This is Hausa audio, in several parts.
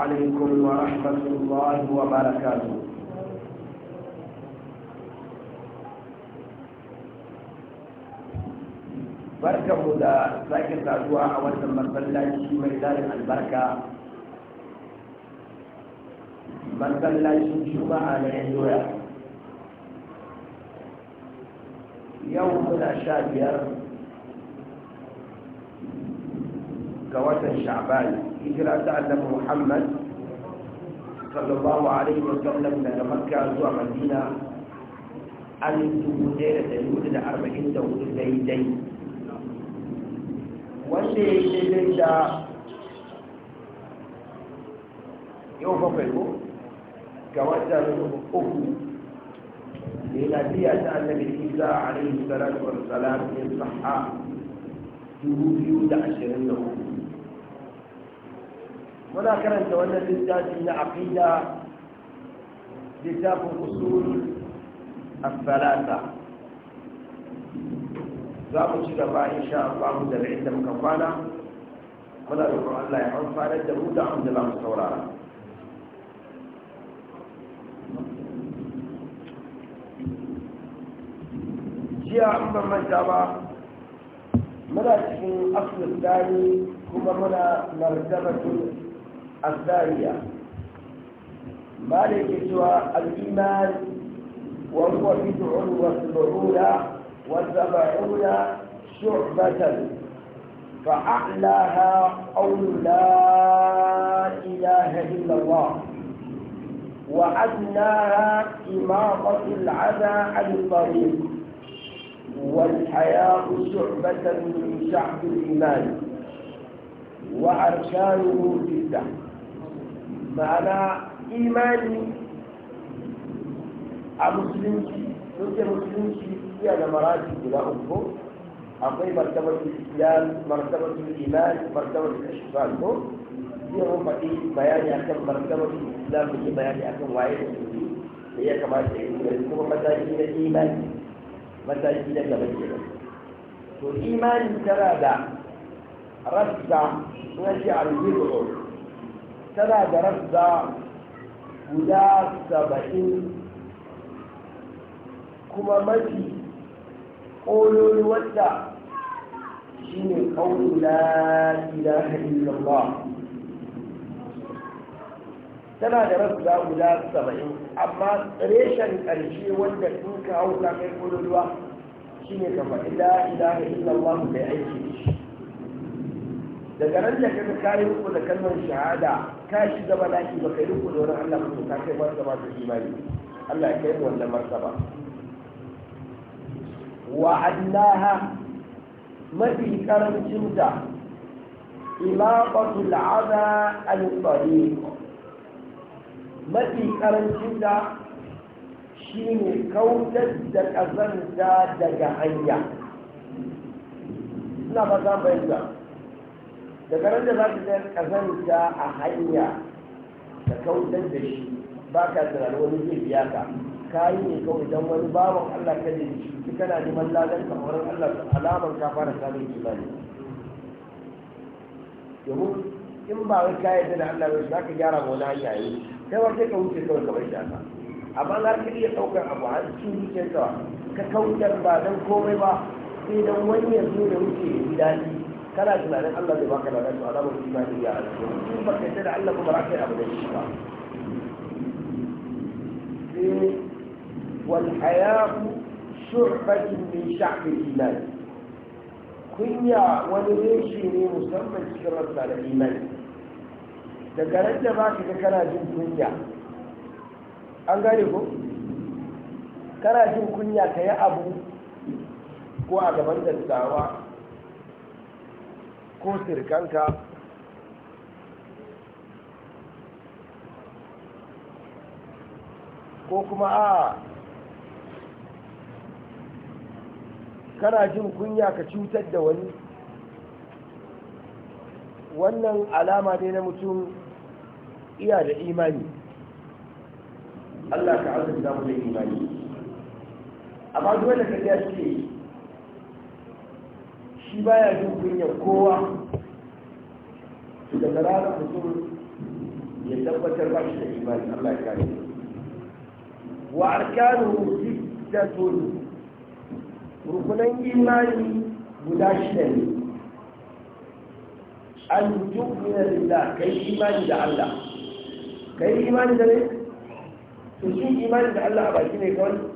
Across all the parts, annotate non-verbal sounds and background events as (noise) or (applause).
عليكم ورحمة الله وبركاته barka mu da sake saduwa a wannan masallaci mai zarin albarka masallacin juma'a na yan doya yau muna sha biyar ga watan sha'bani هجرة سعد محمد صلى الله عليه وسلم من مكة زوى مدينة أن يكون هناك يوجد أربعين دولة زيدين وشيء يجب أن يوفق له كواتر أخو لنبي أتى النبي الإيساء عليه الصلاة والسلام من صحة جهود يوجد عشرين دولة muna karanta wannan littafi na aqida littafin usul as-salata za mu ci gaba insha Allah da inda muka kwana muna roƙon Allah ya amfana da mu da abin da mu saurara jiya an ban manta ba muna cikin asusun dani kuma muna martabatun الثانية مالك سوى الإيمان وهو بدع وسبعون وسبعون شعبة فأعلاها قول لا إله إلا الله وأدناها إماطة العذى عن الطريق والحياة شعبة من شعب الإيمان وأركانه في الدهر ma'ana imani a musulunci suke musulunci iya da maraji guda uku akwai martabatul islam martabatul iman martabatul ishbal ko zai mun faɗi bayani akan martabatul islam da ke bayani akan waye da su da ya kamata ya yi kuma mataki na imani mataki na gaba ke to imani tana da rasta suna ce al-bid'u tana da rassa guda saba'in kuma mafi ƙololi wadda shi ne ƙaunin la'ilaha lamba tana da rassa guda saba'in amma reshen ƙarshe wanda in ka hau ta ƙololuwa shi ne ka faɗi la'ilaha lamba mai aiki daga nan da kaga kayan ku da kalmar shahada ka shiga bala'i ba kai riko da wani Allah mutum ka kai martaba ta imani Allah ya kai wannan martaba wa annaha mafi karancin da ilaqatul adha al tariq mafi karancin da shine kautar da kazanta daga hanya ina ba za mu daga ran da za ka ga kazanta a hanya da kautar da shi ba ka tunanin wani zai biya ka ka yi ne kawai don wani babon Allah ka ne shi kana neman ladan kamar Allah alamar ka fara samun imani domin in ba wai kayan yarda da Allah bai za ka gyara wani hanya yi kai wata ka wuce kawai kamar shi haka amma za ka iya ɗaukar abu a cikin zuciyarka ka kautar ba don komai ba sai don wani yanzu da wuce ya ji daɗi kana tunanin Allah zai baka ladan to alamar imani ya alaƙo in ba kai da Allah kuma ra'ayi abu da shi ba eh, wal hayatu shu'batun min sha'bi iman kunya wani reshe ne musamman cikin rasa da iman daga ran da ba ka ga kana jin kunya an gane ko kana jin kunya ka yi abu ko a gaban dattawa ko sirkanka ko kuma a kana jin kunya ka cutar da wani wannan alama ne na mutum iya da imani Allah ka azurta mu da imani amma duk ka ga shi shi baya jin kunyar kowa daga da mutum ya tabbatar ba shi da imani Allah ya kare wa arkanu sittatun rukunan imani guda shida ne an tu'mina lillah kai imani da Allah kai imani da ne to shi imani da Allah a baki ne kawai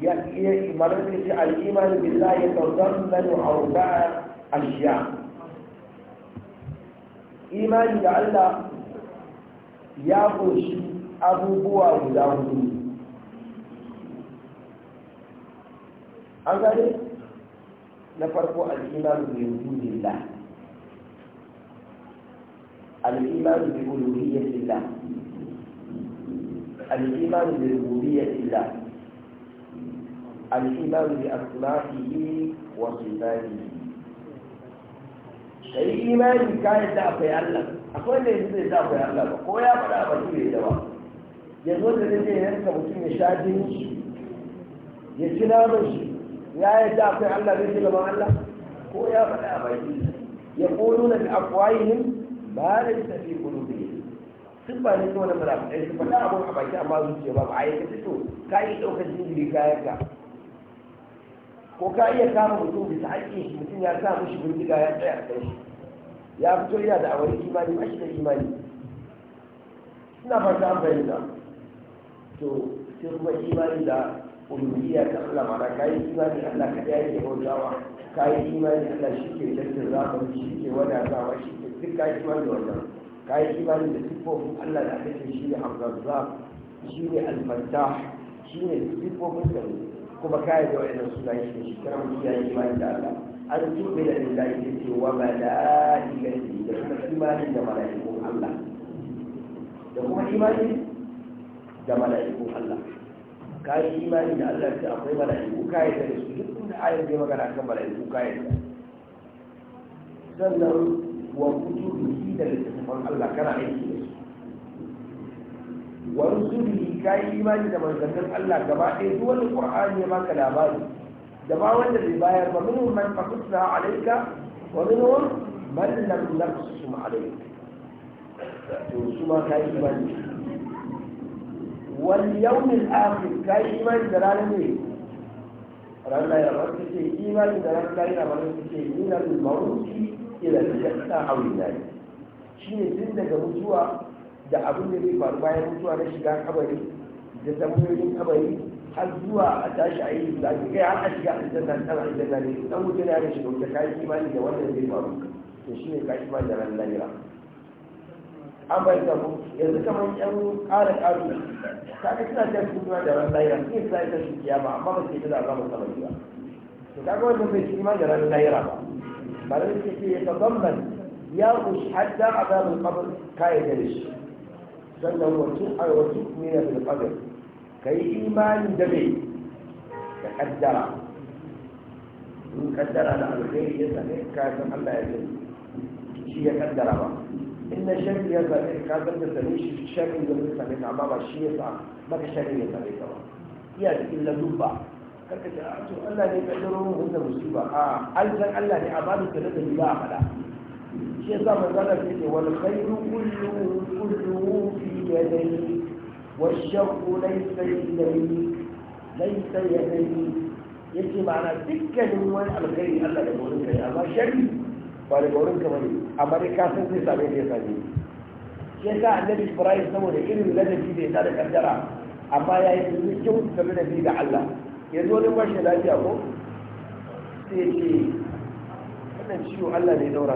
معناتها الإيمان بالله يتضمن أربع أشياء إيمان بالله يأخذ أبو بوا وداود أغاني نفرق الإيمان بوجود الله الإيمان بألوهية الله الإيمان بربوبية الله al'imar bi asma'ihi wa sifatihi kai imani ka yadda ya Allah akwai da yanzu zai ya Allah ba ko ya faɗa ba shi da ba ya zo da zai yanka mutum ya sha jini shi ya ci naman shi ya yadda ya Allah zai gama Allah ko ya faɗa ba shi ya koyo na akwayinin ba da ta fi kudu da yi sun ba ne kawai na mara ɗaya su faɗa abin a baki amma zuciya ba ba a yi ka fito ka yi ɗaukar jinjiri kayan ka ko ka iya kama mutum bisa haƙƙin shi mutum ya sa mushi bindiga ya tsaya a shi ya fito yana da awari imani ba shi da imani suna fata an bayyana to sai kuma imani da uluhiyya ta Allah ka yi imani Allah ka ya yake bautawa yi imani Allah shi ke lantar zamani shi ke wadatawa shi ke duk yi imani da wannan yi imani da siffofin Allah da aka ce shi ne al shi ne al shi ne sifofin da ne kuma kaya da wa'annan suna shi shi kira mu kiyaye imani da Allah an tube da inda yake cewa mala'ikati da kuma imani da mala'ikun Allah da kuma imani da mala'ikun Allah kayi imani da Allah ce akwai mala'iku kayan da su duk inda ayar zai magana kan mala'iku kayan da sannan wa kutubi da littattafan Allah kana aiki da wa rusulihi kai imani da manzannin Allah gaba ɗaya duk wani qur'ani ya baka labari da ba wanda bai bayar ba minhum man qasasna alayka wa minhum man lam naqsusum alayka to su ma kai imani wal yawm al akhir kai imani da ranar ne ranar ya ba su ce imani da ranar da na ba su ce min al mawuti ila al janna aw ila shine tun daga mutuwa da abin da zai faru bayan mutuwa na shiga kabari da tambayoyin kabari har zuwa a tashi a yi da ake kai har a shiga aljanna a aljanna ne dan mutum ya shiga wuta kai imani da wannan zai faru to shine kayi imani da ranar lahira an bai da yanzu kamar yan ƙara ƙaru ta ga suna ta kuma da ranar lahira sai ta ta shi kiyama amma ba sai ta da zama sama ba to ga wannan bai shi imani da ranar lahira ba bare sai ya tabamman ya hadda a azabul qabr kai da shi sannan wasu a wasu mina bil qadar kai imani da me da kaddara in kaddara da alkhairi ya sane ka san Allah ya sani shi ya kaddara ba in na shari ya sane ka san da sani shi shari da zai sane ka amma ba shi ya sa maka shari ya sane ka ba iya cikin lalubba karka ce a ah, to Allah ne ka daro mu da musiba a an Allah ne amma da da ba a faɗa shi yasa manzo Allah ya ce wal khairu kullu kullu fi يديك والشوق ليس إليك ليس يديك yake ma'ana dukkanin wani alkhairi Allah da gaurinka ne amma shari ba da gaurinka ba ne amma dai ka san zai same ka ya same kaddara amma ya yi duk kyau game da ne daura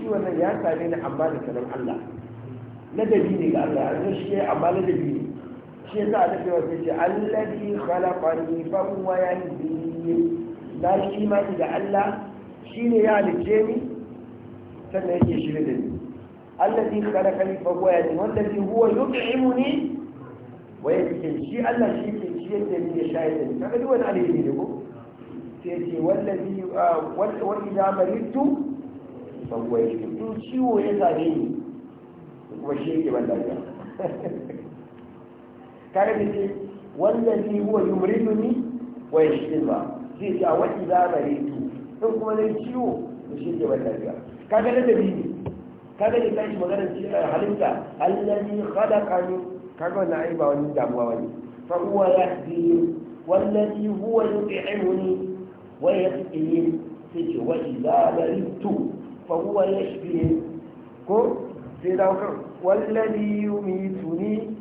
ciwon nan ya ni Allah ladabi ne ga Allah yanzu shi ya amma ladabi ne shi ya sa a tafiya wasu ce allabi khalaqani fa huwa yahdini da shi imani da Allah shi ne ya halice ni sannan yake shirye da ni allazi khalaqani fa huwa yahdini wanda shi huwa yut'imuni wa yaskin shi Allah shi ke ciyar da ni ya shayar da ni kaga duk wani alheri ne ko sai ce wallazi ah, wa idza maridtu fa huwa yashfini ciwo ya zare ni kuma shi yake ban lafiya kare da ce wannan ni huwa yumridu ni wa yashfin ba zai ce a wani za tu in kuma zai ciwo to shi yake ban lafiya kaga da dalili kaga da tashi maganar cikin halitta allazi khalaqani kaga na ai ba wani damuwa bane fa huwa yahdi wallazi huwa yut'imuni wa yasqini sai ce wa idza tu fa huwa yashfi ko sai dawo kan yi wallazi yumituni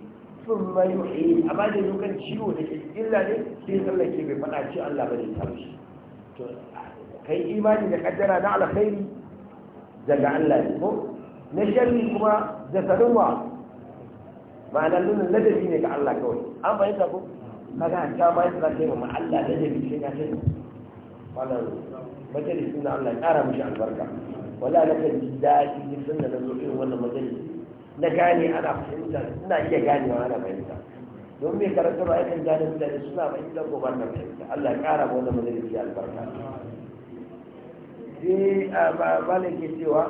thumma yuhyi a da dukan ciwo da ke illa ne sai sallake bai faɗa ce Allah bane ta mishi to kai imani da kaddara na alkhairi daga Allah ne ko na sharri kuma da sanarwa ma'ana nuna ladabi ne ga Allah kawai an fahimta ko kaga ta bayan da kai ma Allah ladabi sai ka kai wannan majalisi na Allah ya kara mishi albarka wala na kan ji daɗi duk sanda na zo irin wannan majalisi na gane ana iya ganewa ana fahimta domin mai karanta ba yakan gane mutane suna fahimta ko ba na fahimta Allah ya kara wannan majalisi albarka sai malam ke cewa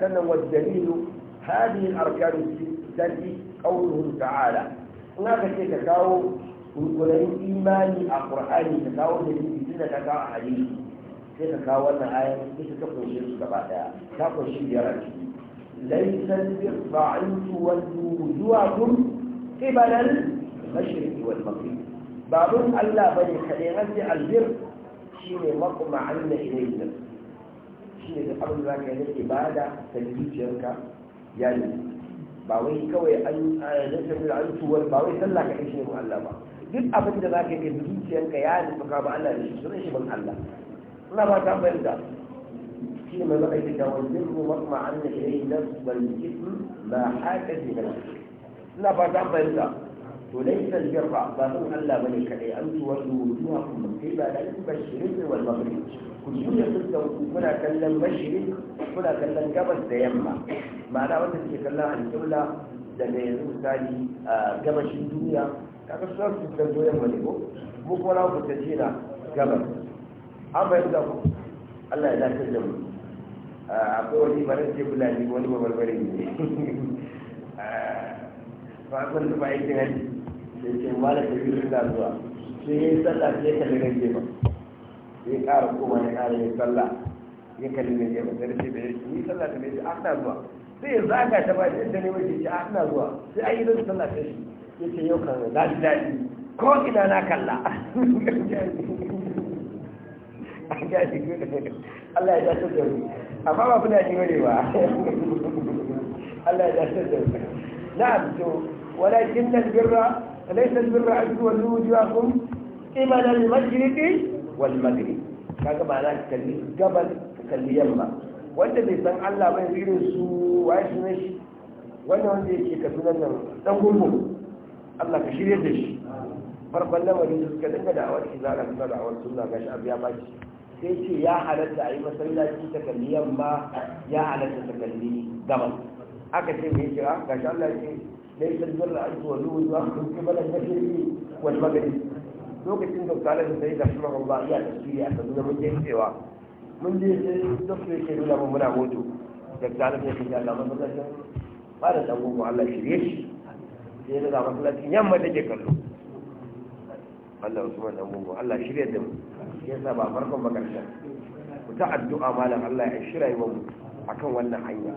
sannan wa dalilu hadhihi al-arkanu qawluhu ta'ala in aka ce ka kawo kulkulayin imani a qur'ani ka kawo dalili tunda ka kawo hadisi sai ka kawo wannan ayar ita ta kunshe su gaba daya ta kunshe biyar a ciki ليس البر أن تولوا وجوهكم قبل المشرق والمغرب باب الله بني خليغة البر شيء مطمعن إلينا شيء الأمر ذاك يعني إبادة تلبيتك يعني باوي كوي أن نسمي العنف والباوي سلاك إيشي مع الله duk abin da za ka yi zuciyarka ya nufi ka ba Allah da shi sunan shi ban Allah ina ba ta bayyana فيما ملكت والبر واطمعن اليه النفس والاثم ما حاكت من الخير ina fata an fahimta to dai san jirra ba san Allah bane kadai an tuwa wujuha kun kai ba da ba shirin wal maghrib ku juya fuskar ku kuna kallon mashirin kallon gabas da yamma ma'ana wanda kallon daga yanzu misali a gabashin duniya kaga suna su fuskanto yamma wani ko mu kuma na fuskance na gabas an fahimta ku Allah ya dace da mu a ah, kowane ba ce fulani wani babarbare ne ah, ba san da ba'ikin hajji sai ke mala da biyu suna zuwa sai ya yi sallah sai ya kalli nan gefen sai ya ƙara koma ya ƙara yin sallah ya kalli nan gefen sai ce da yi sallah da ya ce ana ah, zuwa sai ya zaga ta ba da ne mai ce ana zuwa sai an yi sallah ta shi ya ce yau kan daji daji ko ina na kalla (laughs) ya shigo Allah ya dace da mu amma ba kuna ji bane ba Allah ya dace da mu na'am to walakin albirra laysa albirra an tuwallu wujuhakum qibala al-mashriqi wal maghrib kaga ma'ana ka kalli gabal ka kalli yamma wanda bai san Allah bai irin su waye sunan shi wannan wanda yake ka sunan nan dan gungun Allah ka shirye da shi farkon lamarin da suka dinga da awar izara suna da awar sunna gashi abu ya baki sai ce ya halatta a yi masallaci ta kalli yamma ya halatta ta kalli gabas aka ce mai kira ga shi Allah ce dai sun zurra an zuwa zuwa zuwa kun ci bala ta shirki wani magani lokacin da kala da sai da ma ba iya tafsiri a kan zaman jin cewa mun je sai da ke nuna mun muna hoto da kala da shi Allah masallacin ba da dan gogo Allah shirye shi sai da masallacin yamma take kallo Allah Usman dan gungu Allah shirya da mu ya sa ba farkon ba karshen ku ta addu'a malam Allah ya shirya mu akan wannan hanya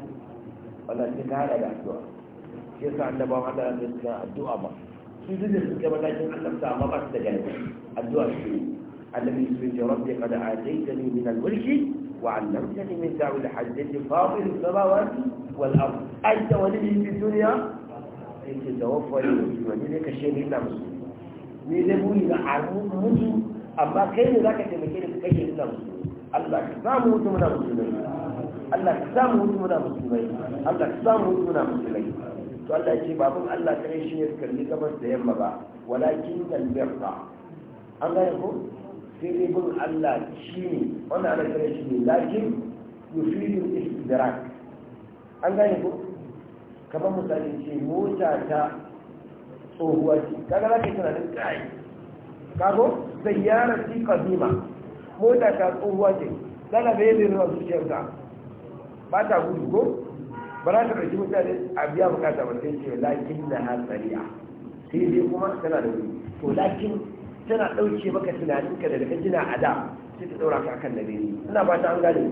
Allah sai ta hada da addu'a ya sa annabawa Allah ya sa addu'a ba su duk da suke matakin annabta amma ba su da gani addu'a su annabi su ce rabbi qad ataitani min al-mulki وعلمتني من دعوة الحجة فاطر السماوات والأرض أنت ولي في الدنيا أنت توفى لي ومن ka الشيء إلا musu. ni zai buri na arun musu amma kai ne za ka taimake da kai ne ina musu Allah ka samu mutu muna musulmai Allah ka samu mutu muna musulmai Allah ka samu mutu muna musulmai to Allah ce babun Allah kai shi ne kalli gabas da yamma ba walakin al birra an gane ko sai dai bin Allah shi ne wanda ana kare shi ne lakin yufidu istidrak an gane ko kamar misali ce mota ta tsohuwa ce kaga za ka yi tunanin kai kago zayyara ci kadima mota ta tsohuwa ce dana bai zai ruwa zuciyarta ba ta gudu ko ba za ta ɗauki mutane a biya bukata ba sai ce lakin na hatsariya sai dai kuma tana da wuri to lakin tana ɗauke maka tunanin da daga jina a da sai ta ɗaura ka akan nagari ina ba ta an gane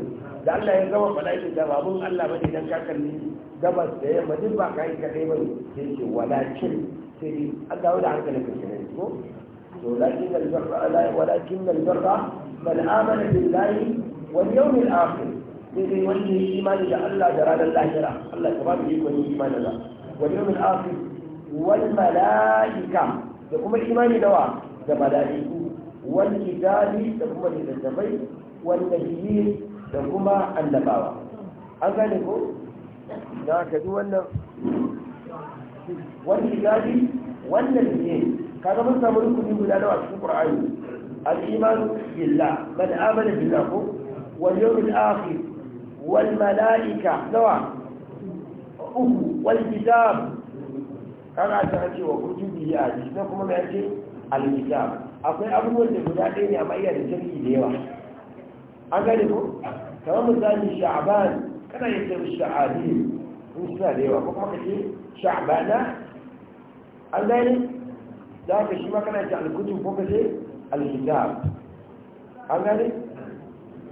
da Allah ya gama malaikin da babun Allah ba dan ka kalli gabas da yamma duk ba ka yi kaɗai ba ne sai ce walakin sai dai an dawo da hankalin ka kenan ko to lakin al-barra walakin al-barra man amana billahi wal yawmil akhir sai dai wanda ya imani da Allah da ranar lahira Allah ta ba mu ikon yin imani da wal yawmil akhir wal malaika da kuma da da kuma da kuma annabawa ko da ka wannan wani kitabi wannan ne kaga mun samu rukuni guda nawa cikin qur'ani al-iman billah man amana billah ko wal yawmil akhir wal malaika nawa uku wal kitab kaga ta ce wa kutubi ya ji sai kuma mai ce al-kitab akwai abubuwan da guda ɗaya ne amma iya da jami'i da yawa an gane ko kamar misali sha'aban kana yin sha'adin sun da yawa kuma kace sha'bana an gani da ka shi ma kana ce ko kace alkitab an gani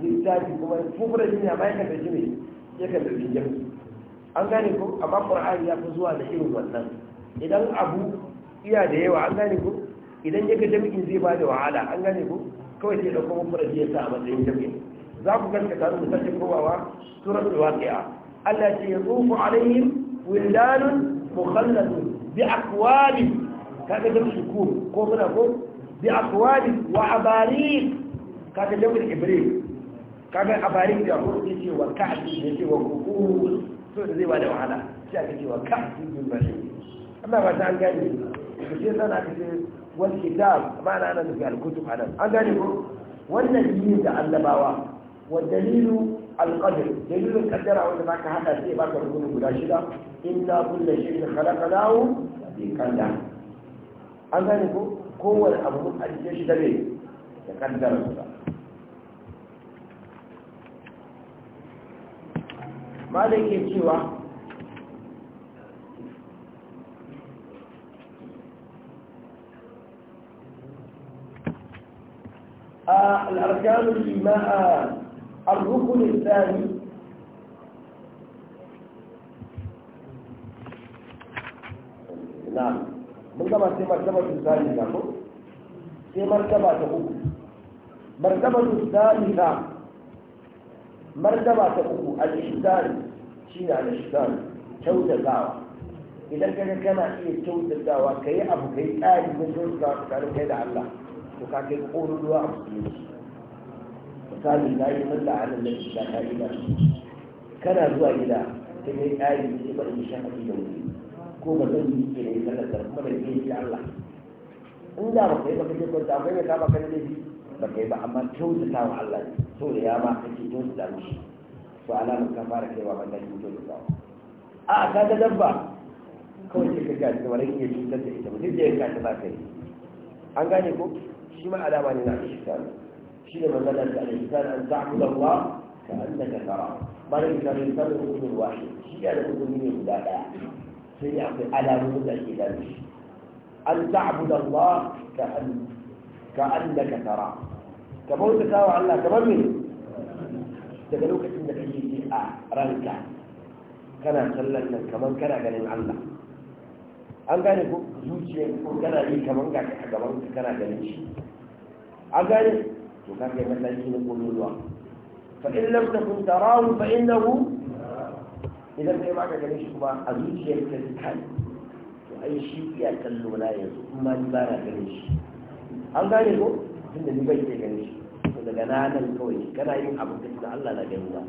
littafi kuma shi ne a bayan da shi ne ya ka da jami an gane ko bakwar qur'ani ya fi zuwa da irin wannan idan abu iya da yawa an gane ko idan ya ga jami'in zai ba da wahala an gane ko kawai sai da kuma shi ya sa a matsayin jami'in za ku gaskata mu sake kowawa suratul waqi'a Allah ce ya tsufu alaihim wildanun mukhalladun bi akwabi kaga da shuku ko muna bi akwabi wa abari kaga ibrahim kaga abari da ko ce wa ka'bi ne ce wa kuku so da zai bada wahala sai aka ce wa ka'bi amma ba ta an gane ku ce sana kitab ma nan da al kutub an ko wannan yin da allabawa wa dalilu alqadr dalilin kaddara wanda za ka haɗa sai baka rukuni guda shida kulle inna kullu shay'in khalaqnahu bi qadar an gani ko kowane abu mun ajiye shi da me da kaddara sa malai ke cewa الأركان الإيمان الركن الثاني نعم من كما في مرتبة الثالثة في مرتبة أخرى مرتبة الثالثة مرتبة أخرى الإحسان شين على الإحسان كوت الدعوة إذا كان كما هي كوت الدعوة كي أبو كي آل من دون كان كي دع الله وكان كي يقول الله misali na yi da a nan nabi da ka ina kana zuwa gida ta yi ƙari da ba in shan haɗi da wuri ko ba zan yi ke yi sallar da kuma da ke yi Allah in da ba kai ba kake kwanta akwai mai kama kan laifi ba kai ba amma kyautata wa Allah ne so da ya ma kake kyautata mishi to alamar ka fara kaiwa wannan kyautata a ka ga dabba kawai sai ka gaji da wani iya cutar da ita ba duk da ya kashi ba kai an gane ko shi ma alama ne na shi shekaru شنو مثلا الإنسان أن تعبد الله كأنك تراه بل إن الإنسان ركن واحد شيء أنا ركن من لا سيعطي على ركن الإله أن تعبد الله كأن كأنك تراه كموت تساوى الله كمان من تقلوك إنك يجي رنكا كان سلنا كمان كان قال الله an gane ko zuciya ko kana yi kaman ga gaban ka kana ganin shi an gane to kaga yana da shi ne kulluwa fa in lam takun tarahu fa innahu idan kai ba ka gane shi kuma a zuciyar ka kai to ai shi iya kallo na yanzu kuma ni ba na gane shi an gane ko tunda ni bai iya gane shi to daga nan kawai kana yin abu da Allah na gani ba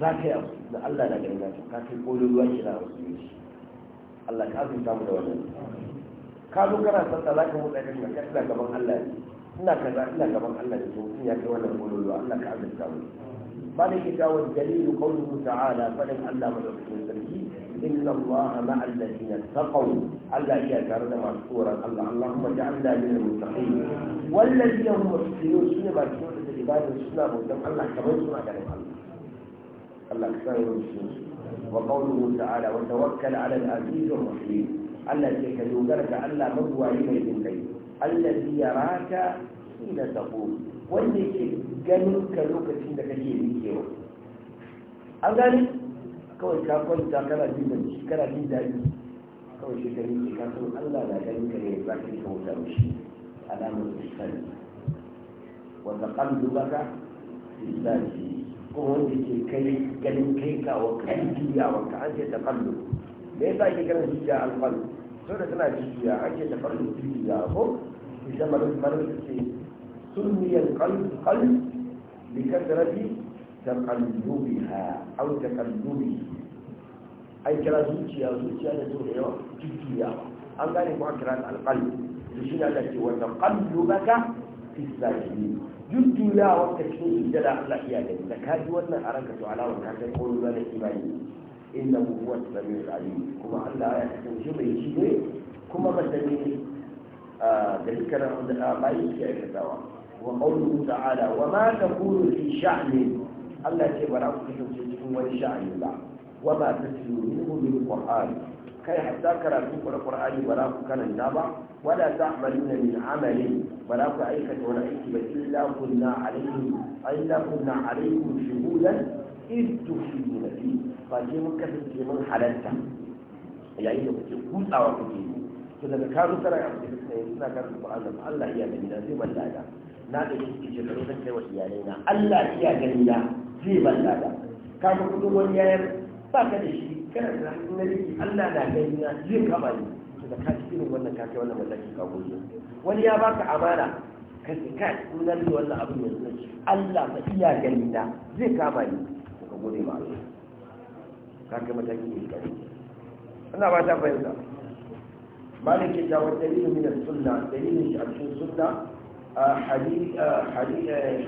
za ka yi abu da Allah na gani ba to ka kai kololuwa ke na wasu ne shi Allah ka azunta mu da wannan ka zo kana sassa za ka mutsa kan ka gaban Allah ne ina kaza ina gaban Allah da mutum ya kai wannan gololo Allah ka azurta mu malik dawo dalilu qawluhu ta'ala fadin Allah madaukakin sarki inna Allah ma'a alladhina taqaw Allah iya tare da masu tsoron Allah Allahumma ja'alna min al-muttaqin walladhina hum muhsinun sunna ba su da ibadar suna bautan Allah kamar suna ganin Allah Allah ka sani wani shi wa qawluhu ta'ala wa tawakkal 'ala al-'aziz ar-rahim Allah ke ka dogara ga Allah mabuwayi mai jin kai allazi yaraka hina taqum wanda yake ganin ka lokacin da kake mikewa an gani kawai ka kwanta kana jin da kana jin daɗi kawai shi gari ke kasan allah na ganin ka ne za ka yi kawo da shi alamar iskan wanda kan dubaka islami kuma wanda ke kai ganin kai kawo kan juyawa ka an ce ta me yasa ake ganin shi da alƙalmi sau da tana jijiya ake da farin ya ko ita marar malam ce da qalb bi kasrati taqallubiha aw taqallubi ai kira zuciya zuciya da zuwa da yawa jijiya an gane ko an kira da shi ne wannan ce wannan ka fi sajidin jujjuyawa ta cikin sujjada Allah iya gani da kaji wannan a ranka to alawar ka ko koyo na imani Inna huwa samiul alim kuma Allah ya shi mai ji ne kuma masani da dukkanin da bayi ke aikatawa wa qawluhu ta'ala wa ma takunu fi sha'ni Allah ce bara ku kasance cikin wani sha'ani ba wa ma tasiru minhu bil qur'an kai hatta karatu qur'ani bara ku karanta ba wala ta'maluna min amalin bara ku aikata wani aiki ba illa kunna alaihim illa kunna alaikum shuhudan id tufiduna fihi ba ke mun ke mun halarta yayin da kuke kutsawa kuke yi to daga ka rusa da abu da kai suna ka rusa Allah Allah iya gani na zai ban lada na da yi ke shekaru da kai wa yare na Allah iya gani na zai ban lada ka ga kudin wani yayar ba ka da shi kana da na riki Allah na gani na zai kama ni to da ka ci irin wannan ka kai wannan mallaki ka gozo wani ya baka amana ka ce kai in na wannan abin yanzu Allah ba iya gani na zai kama ni ka gode ma Allah kaga mataki ne kai ina ba ta fahimta malik ke da dalilin min sunna dalilin shi a cikin sunna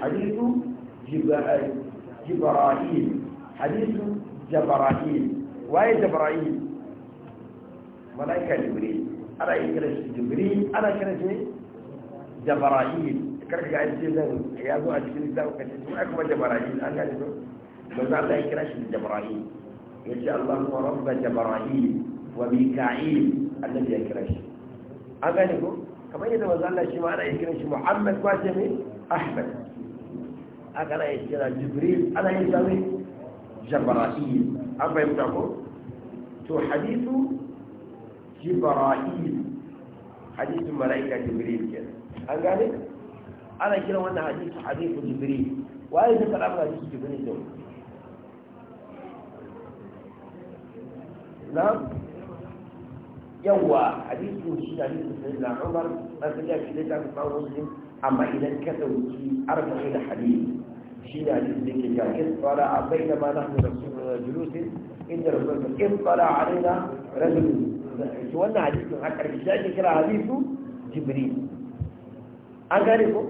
hadithu jibra'il hadithu jabra'il waye jabra'il malaika ana yin kiran shi jibril ana kiran shi jabra'il karka ga zan ya zo a cikin littafin kace ai kuma jabra'il an gane to manzo a yi kira shi jabra'il يجي اللهم رب جبرائيل وميكائيل الذي يكرش أغانيه كما يتوزع الله شيء أنا يكرش محمد واسمي إيه؟ أحمد أغانا يجي جبريل أنا يسمي جبرائيل أما يبتعكم تو حديث جبرائيل حديث ملائكة جبريل كده أغاني أنا كده وانا حديث حديث جبريل وأيضا كلام حديث جبريل دول نعم يوا حديث من شيء حديث سيدنا عمر ما سجى في ذلك عن مسلم أما إذا كتبوا في أربعين حديث شيء حديث ذيك جاء اطلع بينما نحن رسول جلوس إن رسول اطلع علينا رجل سوالنا حديث حتى الرجال كرا حديث جبريل أعرفه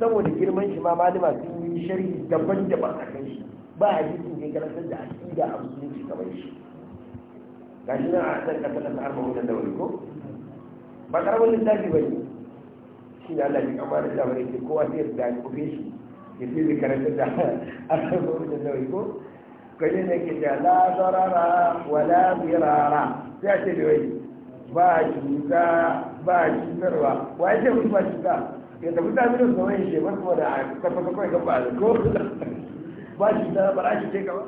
saboda girman shi ma malama sun yi shari'i daban-daban a kan shi ba hadisin da ya karantar da aƙida a musulunci kamar shi ga shi nan a can ƙasa ƙasa arba da wani ko ba ƙaramin littafi ba ne shi ne allah ya kama da damar yake kowa sai ya kufe shi ya fi zai karanta da arba wajen da wani ko kai ne ke da la zarara wala birara sai a ce da wani ba cuta ba cutarwa wa ya ce mutu ba cuta ya tafi ta mini da wani shi masu da a kafa kawai ka da ko ba cuta ba a shi ce gaba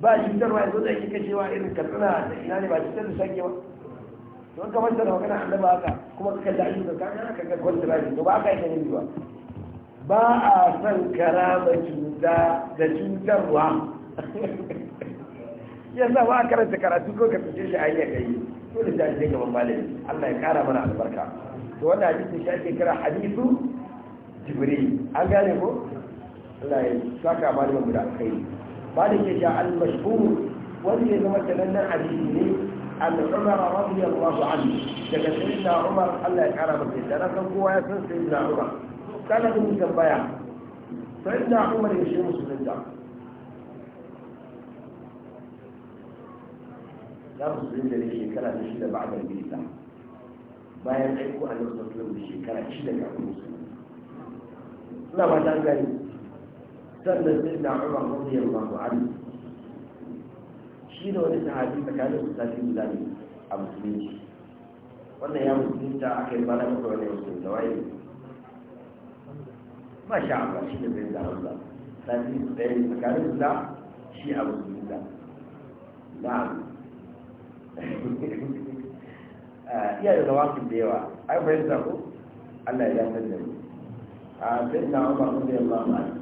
ba shi fitarwa yanzu zai yi kashewa irin katsina da ina ne ba shi fitar da sake ba to an kamar da magana daba haka kuma ka kalli ayyuka ka ga ka ga kwantirajin to ba ka yi ganin ba ba a son karama cuta da cutarwa (laughs) yasa ba a karanta karatu ko ka fice shi hanyar kai to da shi gaban malami Allah ya kara mana albarka to wannan hadisi shi ake kira hadisu jibril an gane ko Allah ya saka malamin mu da ba da ke sha al-mashhur wanda ya zama sanannen hadisi ne an umar radiyallahu anhu daga sayyidina umar Allah ya kara masa da na san kowa ya san sayyidina umar kana da mutum baya sayyidina umar ya shi musulunta ya musulunta ne shekara da shida ba'da bisa bayan aiko a nan sassan da shekara shida kafin musulunta suna ba ta gani sannan sai da umar radiya Allahu anhu shi da wani sahabi tsakanin su sashi guda ne a musulunci wannan ya musulunta aka yi bala maka wani da waye ba shi Allah shi ne bai da Allah tafi da ɗaya ne tsakanin su da shi a musulunta na (laughs) iya da zawafin da yawa ai bayan zako Allah ya san da ni a sai da umar radiya Allahu anhu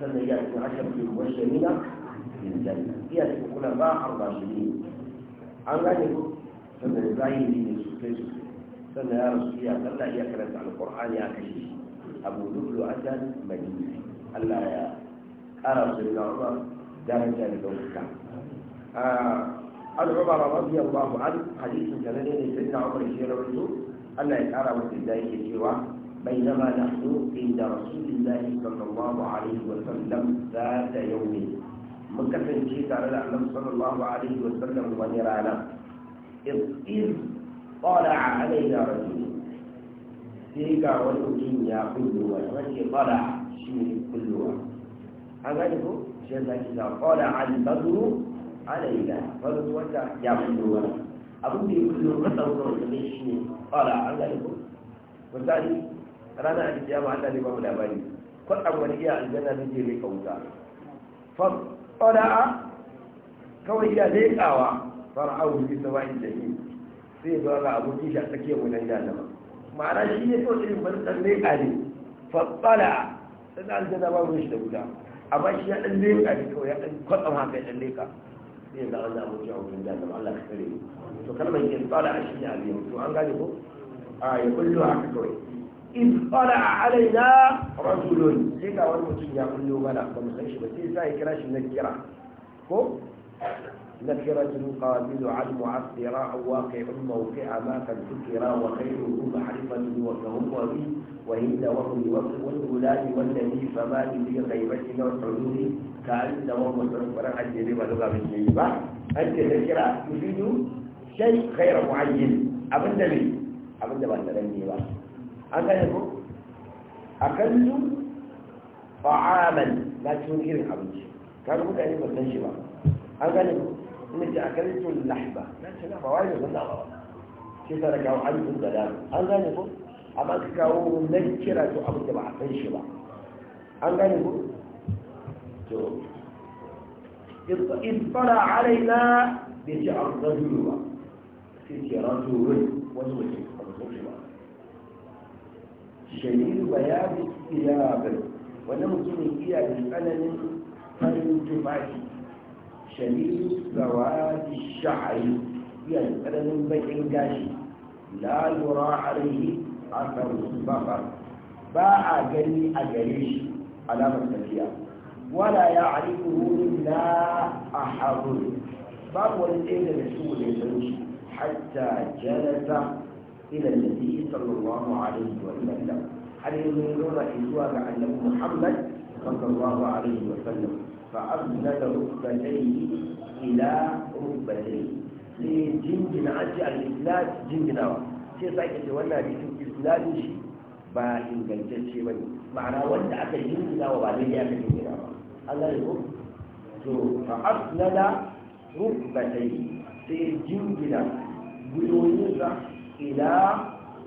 sannan ya cikin ashar ke washe nuna iya cikin kula ba a an gane ku sannan zahiri ne su kai sannan ya rasu iya kalla iya karanta alkur'ani a kashe shi abu dublu ajan madina allah ya kara su da wa daraja da dauka an umar radiyallahu an hadisin da ne ne sai na umar shi rawaito allah ya kara masa da yake cewa بينما نحن عند رسول الله صلى الله عليه وسلم ذات يوم مكفن شيء على الأعلم صلى الله عليه وسلم ونرانا إذ طالع علينا رجل تلك والمجين يا كلها وشي طلع شيء كل واحد هذا أغنيه جزاك الله طالع البدر علينا فرزوة يا كل واحد أبو بي كله مثل قرص ليش طالع أغنيه وذلك ranar alkiyama Allah ne ba mu labari kun abu wani iya aljanna zai je mai kauta far a kawai ya leƙawa fara'ahu fi da jahim sai zo ga abokin shi a tsakiyar wannan jahannama ma'ana shi ne kawai irin ban san leƙa ne fa qala sai aljanna ba mu shi da wuta amma shi ya dan leƙa ne kawai ya dan kwatsam haka ya dan leƙa sai ga Allah abokin a wannan jahannama Allah ka kare to kalmar yin qala shi ne abin to an gane ko a yi kullu a kawai in fara a raina rasulun sai ga wani mutum ya kullo mana ba mu shi ba sai sa ya kira shi na kira ko na kira jin kawabilu almu asira wa kai un mawuki a makar tukira wa kai ruru ba harifan ni wa kawun guda ni wanda ni ni biyu kai ba shi na wa tsaro ne ka inda wa kuma tsaro kwarar ajiye ne yi ba an kira ku shi ni shai kai ra ku ajiye abinda abinda ba ta ne ba an gane ko a kanzu fa'aman na cikin irin abinci Kan mutane ba san shi ba an gane ko ce a kanzu na ce na ba wani zan na ba sa da kawo abincin da dama an gane ko amma ka kawo na kira to abin da ba a san shi ba an gane ko to اطلع علينا بشعر رجل sai mutum a musulun ba شديد بيان الثياب ولم تنهي بألم فانتباهي شديد سواد الشعر هي الألم بإنجاشي لا يرى عليه أثر البقر باع جلي أجريش على مستكيا ولا يعرفه إلا أحد باب والإيد المسؤول حتى جلس إلى النبي صلى الله عليه وسلم هل ينظرون إزواج أنه محمد صلى الله عليه وسلم فأبدل ركبتيه إلى ركبتيه لجنجن عجع الإسلام جنجناوة شيء صحيح تولى بإسلام شيء ba ingantacce ba ne ma'ana wanda aka jingina wa ba dai ya ka jingina ba Allah ya rubu to fa asnada rukbatai sai jingina guyoyin sa إلى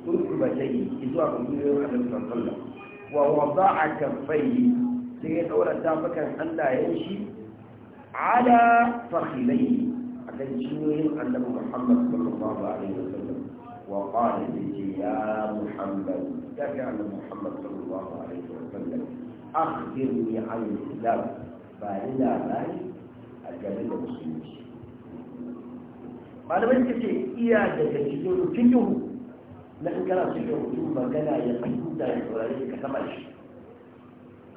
ركبتي إذا أقوم بي وحده تنطلع ووضع كفيه سيئة أولى تابكا أن لا يمشي على فخلي حتى يجنوهم أن محمد صلى الله عليه وسلم وقال لجي يا محمد كيف أن محمد صلى الله عليه وسلم أخبرني عن الإسلام فإلا ذلك أجل المسلمين malamai suka ce iya daga cikin fikihu na in kana cikin mutum magana ya da ya saurare ka sama shi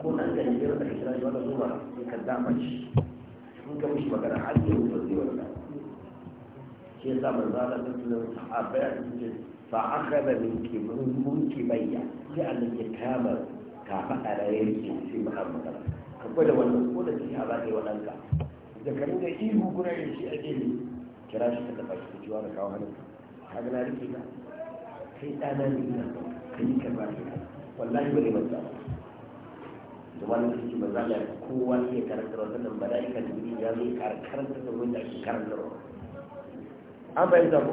ko nan da biyar da kira shi wata zuwa ya kan dama shi in ka mishi magana har yi wuta zai wata shi yasa manzo Allah ta tuna sahabbai a cikin fa akhadha min kibrun munki bayya sai Allah ya kama ka faɗa da yake sai Muhammad ka gwada wannan ko da shi a zaka yi wadanka da karin da ihu gurin shi a gefe kira shi ka baki shi ka ciwa da kawo hannun ka ga na rike ka kai ɗana ne ina ka yi ka ba ka wallahi ba ne ban tsara da wani da suke maza da kowa ke karantar wata nan ba da ika da biyu ya zai karanta da wanda ake karantar an bayan zabo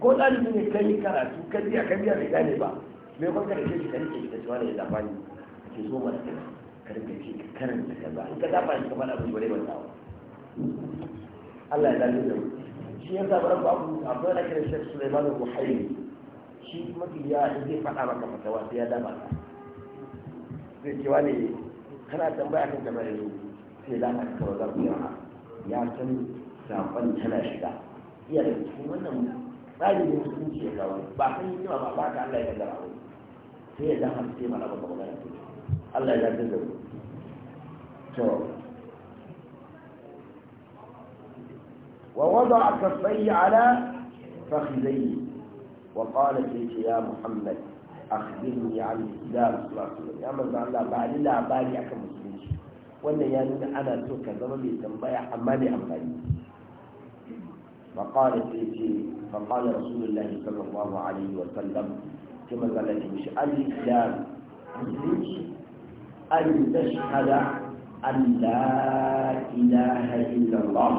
ko ɗalibi ne kai yi karatu ka biya ka biya bai gane ba mai ka da shi ka rike shi ka cewa da ya zafa ne ke zo mana kai ka rike shi ka karanta kaza in ka zafa shi ka faɗa abin gore ban tsawa Allah ya zalu da mu shi ya sa baran babu abu yana kira shek suleiman buhari shi mafi ya zai faɗa maka fata sai ya dama ka zai cewa ne kana tambaya kan kamar yanzu sai za ka kawo za ku yawa ya san zaɓen tana shiga iya da su wannan tsarin da musulunci ya kawo ba san yi ba ba ka Allah ya kaddara ba sai ya dama sai mana ba ba magana Allah ya dace da mu to ووضع كفيه على فخذيه وقال سيدي يا محمد أخبرني عن الإسلام صلى الله عليه وسلم يا من الله بعد لا بالي أكم مسلمش ولا يعني أنا سوك زمان بيتنبيع أمالي أمالي فقال سيدي فقال رسول الله صلى الله عليه وسلم كما قال لك مش الإسلام مسلمش أن تشهد أن لا إله إلا الله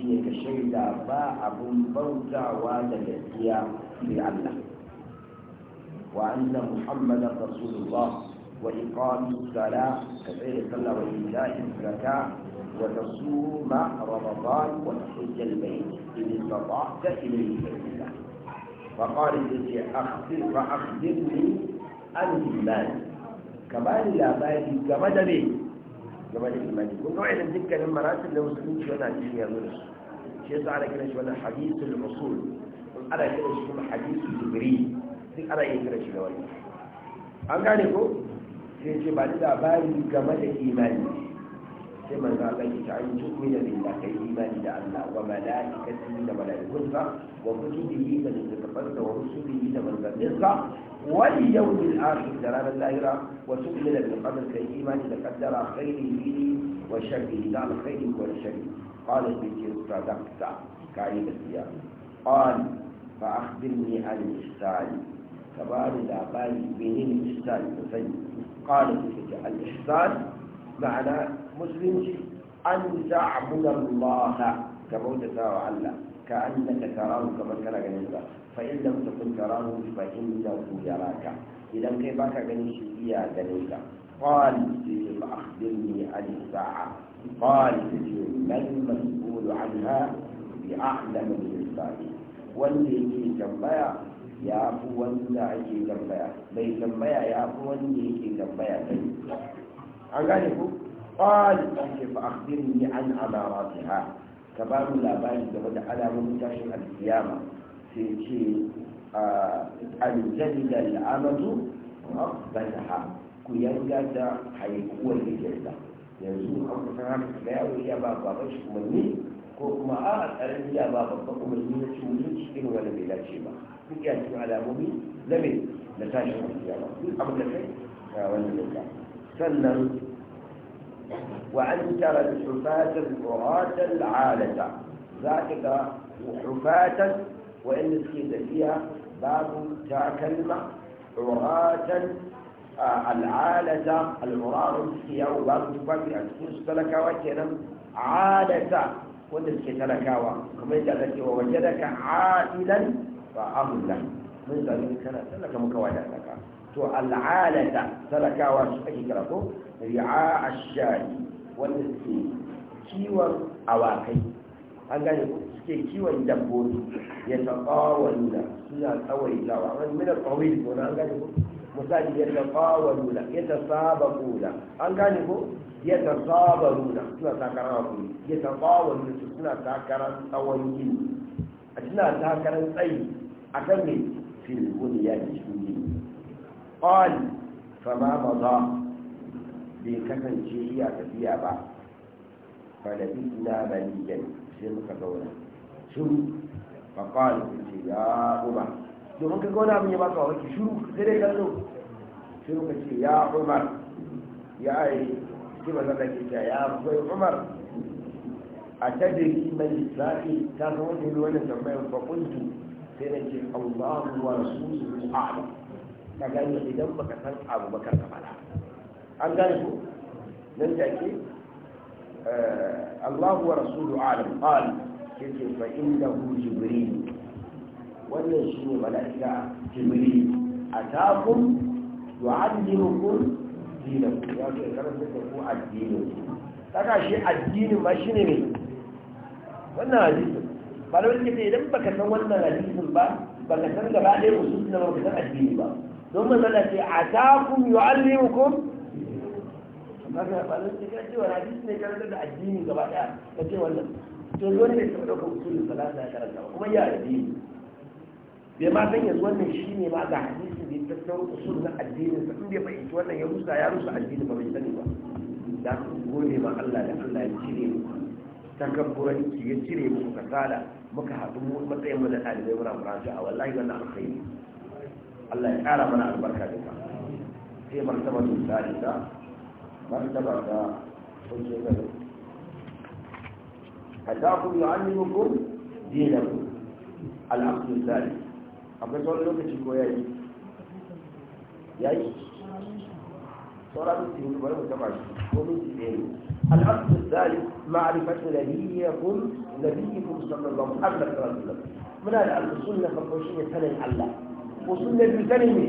shi ka shaida ba abun bautawa da gaskiya sai Allah wa anna muhammadan rasulullah wa iqamis sala ka tsere sallah wa ita'i zakka wa tasuma ramadan wa tahujja albayt in istata'ta ilayhi sabila فقال الذي أخبر فأخبرني عن الإيمان كمان لا da me. game da imani kun ga wa'annan dukkanin maratin da musulunci wannan addini ya zo da su shi yasa ana kiran shi wannan hadithul usul kun ana kiran shi kuma hadithul jibril duk ana iya kiran shi da wani an gane ko sai ce ba ni labari game da imani sai manzo Allah ya ce an da billahi kai imani da Allah wa malaikatihi da malaikunsa wa kutubihi da littafansa wa rusulihi da sa. واليوم الآخر دلالة الآخرة وتؤمن بالقدر كالإيمان إذا قدر خيره وشره نعم، لا الخير شر قال الذكر صدقت كريم الثياب قال فأخبرني عن الإحسان لا العقال بين الإحسان فسن قال الذكر الإحسان معنى مسلم أن تعبد الله كما وعلا ka annata tarahu kamar kana ganin sa fa in lam takun tarahu fa innahu yaraka idan kai baka ganin shi iya ganin ka qal sayyidu fa akhbirni an sa'a qal sayyidu man mas'ul 'anha bi a'lam min sa'i tambaya ya fi wanda ake tambaya bai tambaya ya fi wanda yake tambaya an gane ku qal sayyidu fa akhbirni an amaratiha ka ba mu labari game da alamomin tashin alkiyama sai ce aljani da al'amatu rabbataha ku yanga da haikuwar hijirta yanzu an kusan haka ga yaro ya ba baban shi umarni ko kuma a tsarin ya ba babban kuma umarni na cikin irin wani bai dace ba duk ya cikin alamomi na mai na tashin alkiyama duk abin da kai ga wani yanka sannan وأن ترى الحفاة العراة العالة ذاتك حفاة وإن سكيت فيها باب تاء كلمة عراة العالة العراة فيها وباب تفاق أسكوس تلكاوة كنا عالة وإن سكيت تلكاوة كما يجعل ووجدك عائلا فأمنا من ذلك كان تلك مكوانا to al'alata talakawa su ake kira ko ri'a ashari wanda suke kiwon awakai an gane suke kiwon dabbobi ya taɓawalu da suna tsawaitawa wani mina tsawai ko an gane ko misali ya taɓawalu da ya saba da an gane ko ya saba da suna takarar hakuri ya taɓawalu da suna takarar tsawon yin a suna takarar tsayi a kan mai filibuni ya ci cikin gini قال فما مضى بكفن شيئا تفيا با فلبثنا مليا سمك قولا شو فقال قلت يا عمر domin ka gauna abin ya baka wa shuru sai dai kallo shuru ka ce ya ya yi shi ba zaka ke ta ya kai a ta yi ta wani sai na ka gane idan baka san abu ba karka fada an gane ko nan take eh, Allahu wa rasulu alam qal yace fa innahu jibril wannan shine malaika jibril atakum yu'allimukum dinakum ya ce karanta da ku addinin kaga shi addinin ma shine ne wannan hadisin ba da wani idan baka san wannan hadisin ba baka san gaba ɗaya usul na ka san addini ba don mazala ce a takun yi alli hukum amma ga balon ne da gaba daya ya karanta kuma ya bai ma yanzu wannan shi ne ma ga hadisi da ta usul na addinin sa in bai fahimci wannan ya rusa ya rusa addini ba bai sani ba da ku gode ma Allah da Allah ya cire mu takabburanci ya cire mu kasala muka haɗu mu matsayin mu na ɗalibai muna a wallahi wannan alkhairi Allah ya ƙara mana albarka da ta sai martaba da misali ta martaba da kunce gari a ta ku yi an yi muku biye da ku al'amfin misali akwai lokaci ko ya yi ya yi sauran lokaci ko bari mutaba shi ko lokaci da ya yi al'amfin misali da biye ku da biye ku musamman ba mu an da karatu da muna da alfusun na farko shi ne sanin allah usul na biyu sani ne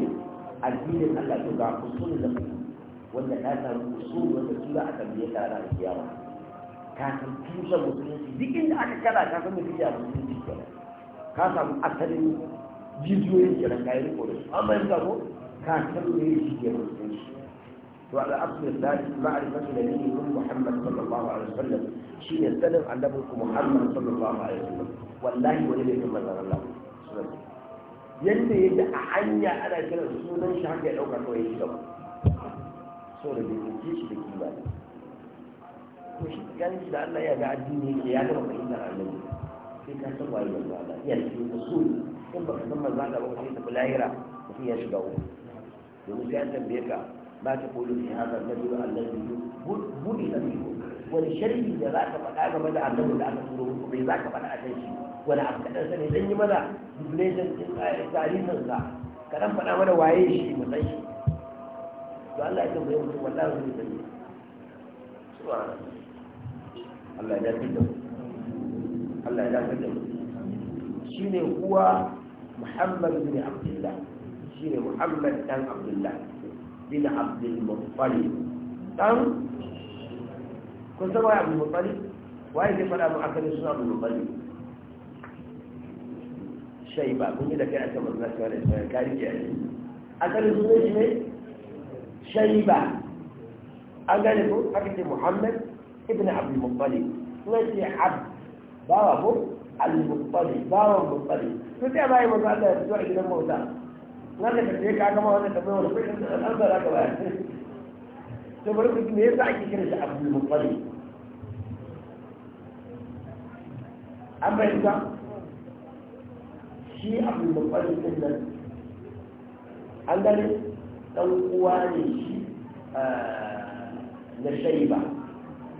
addinin Allah to ga usul da wanda ka samu usul wanda su za a tambaye ta ran kiyama ka san tushen musulunci duk inda aka kada ka san mutum ya musulunci kenan ka samu asalin jijiyoyin kenan ka yi riko da su amma yanzu ko ka san me shi ke musulunci وعلى أصل ذلك Muhammad sallallahu alaihi wasallam الله عليه وسلم شيء يستلم عن نبيكم محمد صلى الله عليه وسلم Allah sallallahu alaihi wasallam yadda yake a hanya ana kira sunan shi haka ya ɗauka kawai shi gaba so da bai shi da kima ne ko shi gani shi da Allah ya ga addini ke ya gama fahimtar annabi sai ka san waye manzo Allah ya shi da su in ka san maza da ba sai ta bulahira mutum ya shiga uku domin sai an tambaye ka ba ta na biyu da rajul allazi na biyu wani sharri da za ka faɗa game da annabi da aka turo muku bai za ka faɗa a kan shi ba wani abu kaɗan sani zan yi mana dublation din tarihin sa kaɗan faɗa mana waye shi mu san shi to Allah ya tambaye mutum wallahi zai sani Allah ya dace da mu Allah ya dace da mu ne kuwa Muhammad bin Abdullah ne Muhammad dan Abdullah bin Abdul Muttalib dan kun san waye Abdul Muttalib waye zai faɗa mu akalin suna Abdul Muttalib shai ba kun yi da kai a kan mazuna shi wani ismail ka rike shi asalin sunan shi ne shai ba an gane ko aka ce muhammad ibn abdul muttalib sunan shi abd bawa ko al-muttalib bawan muttalib to sai ba yi manzo Allah ya fito a gidan mauta nan da kace ka ga ma wannan tabbai wani kai an zara ka ba to bari ku me yasa ake kira shi abdul muttalib an bayyana shi abu babban din nan an gani ɗan uwa ne shi na shaiba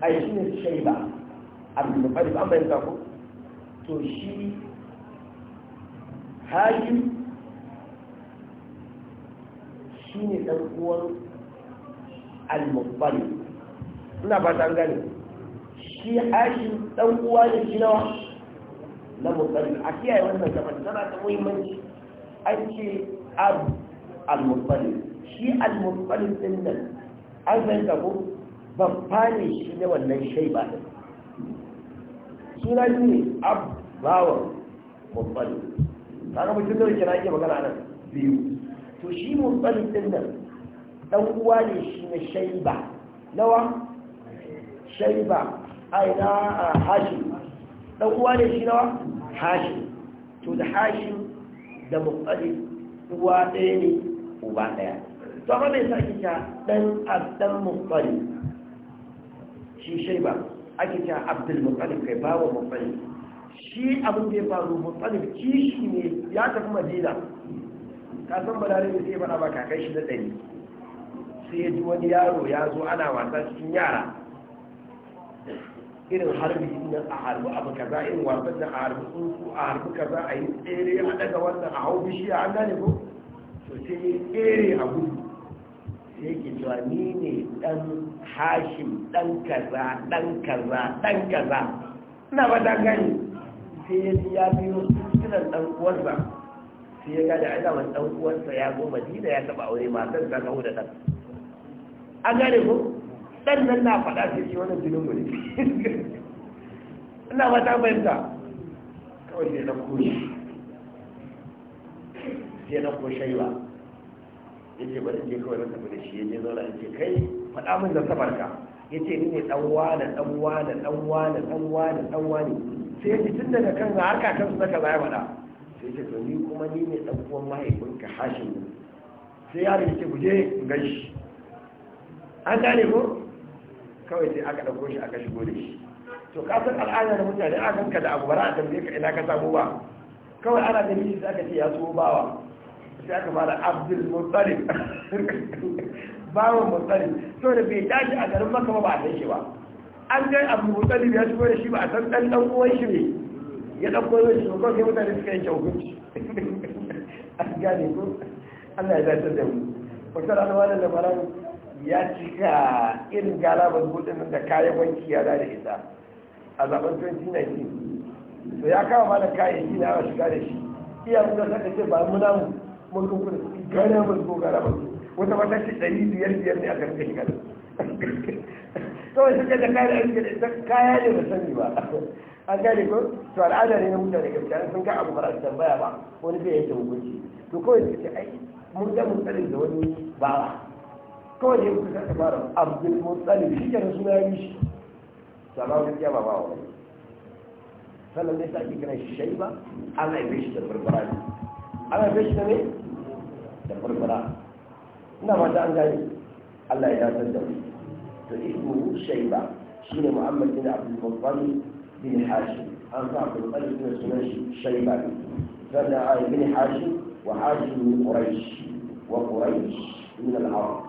ai shi ne shaiba abu babban an bayyana ko to shi hajji shi ne ɗan uwan al-mubbali ina ba ta gani shi hajji ɗan uwa ne shi nawa na mutsari a kiyaye wannan zaman tana da muhimmanci an ce abu al-mutsari shi al-mutsari din nan an zai ka ko babba ne shi ne wannan shaiba din suna shi ne abu bawan mutsari kaga mutum da na ake magana nan biyu to shi mutsari din nan dan uwa ne shi ne shaiba nawa shaiba aina ah, hashim dan uwa ne shi nawa hashi to da hashi da mutsalif uwa ɗaya ne uba ɗaya to amma mai sake ta ɗan abdan mutsalif shi shai ba ake ta abdul mutsalif kai bawa mutsalif shi abin da ya faru mutsalif kishi ne ya tafi madina ka san dare ne sai ba ba kai shi na ɗari sai ya ji wani yaro ya zo ana wasa cikin yara irin harbi na a harbi abu kaza irin wasan da a harbi tsuntsu a harbi kaza a yi tsere a daga wannan a hau bishiya an gane ko to sai yi tsere a gudu sai ke cewa ni ne dan hashim dan kaza dan kaza dan kaza na ba dan gani sai ya ya biyo sunan dan uwarsa sai ya gada ina man dan uwarsa ya goma dina ya taba aure matar ta kawo da ta. an gane ko dan nan na faɗa sai shi wannan jinin mu ne ina ba ta bayyana kawai ne na koshi sai na koshai ba ya ce bari je kawai na tafi da shi ya je zauna ya ce kai faɗa min da sabarka ya ce ni ne ɗanwa da ɗanwa da ɗanwa da ɗanwa da ɗanwa ne. sai ya ce tun daga kan har kakan su saka baya faɗa sai ce to ni kuma ni ne ɗan uwan mahaifinka hashin sai yare ya ce guje gashi an gane ko kawai sai aka ɗauko shi aka shigo da shi to kasar al'ada da mutane a ka da abu bara a tambaye ka ina ka samu ba kawai ana da miji aka ce ya so bawa sai aka fara abdul mutsalib (laughs) bawan mutsalib so da bai tashi a garin maka ba ba a san shi ba an kai abu mutsalib ya shigo da shi ba a san ɗan ɗan uwan shi ne ya ɗauko yau shi ko sai mutane suka yanke hukunci (laughs) an gane ko Allah ya zai da mu wata rana wani labaran ya cika irin galabar hudun da kayan wanki ya da ita a zaben 2019 so ya kawo mana shi na shiga da shi iya mun da saka ce ba muna namu mun kuma gane mun ko gara ba wata mata ce ɗari biyar biyar ne aka rika shiga kawai suka da kayan aiki da kaya ne ba sani ba an gane ko to al'ada ne na mutane gaskiya sun ka abu fara su tambaya ba wani bai yanke hukunci to kawai suke ai mun ga mun tsarin da wani ba. قول يوم كذا عبارة عبد المطلب شجع رسوله سماه كذي ما باهوا فلما نسأله كنا الشيبة أنا بيشت البربرة أنا بيشت مين البربرة نما جان جاي الله يا سيدنا فاسمه شيبة شين محمد بن عبد المطلب بن حاشم أنت عبد المطلب بن سماش شيبة فلا عاي بن حاشم وحاشم من قريش وقريش من العرب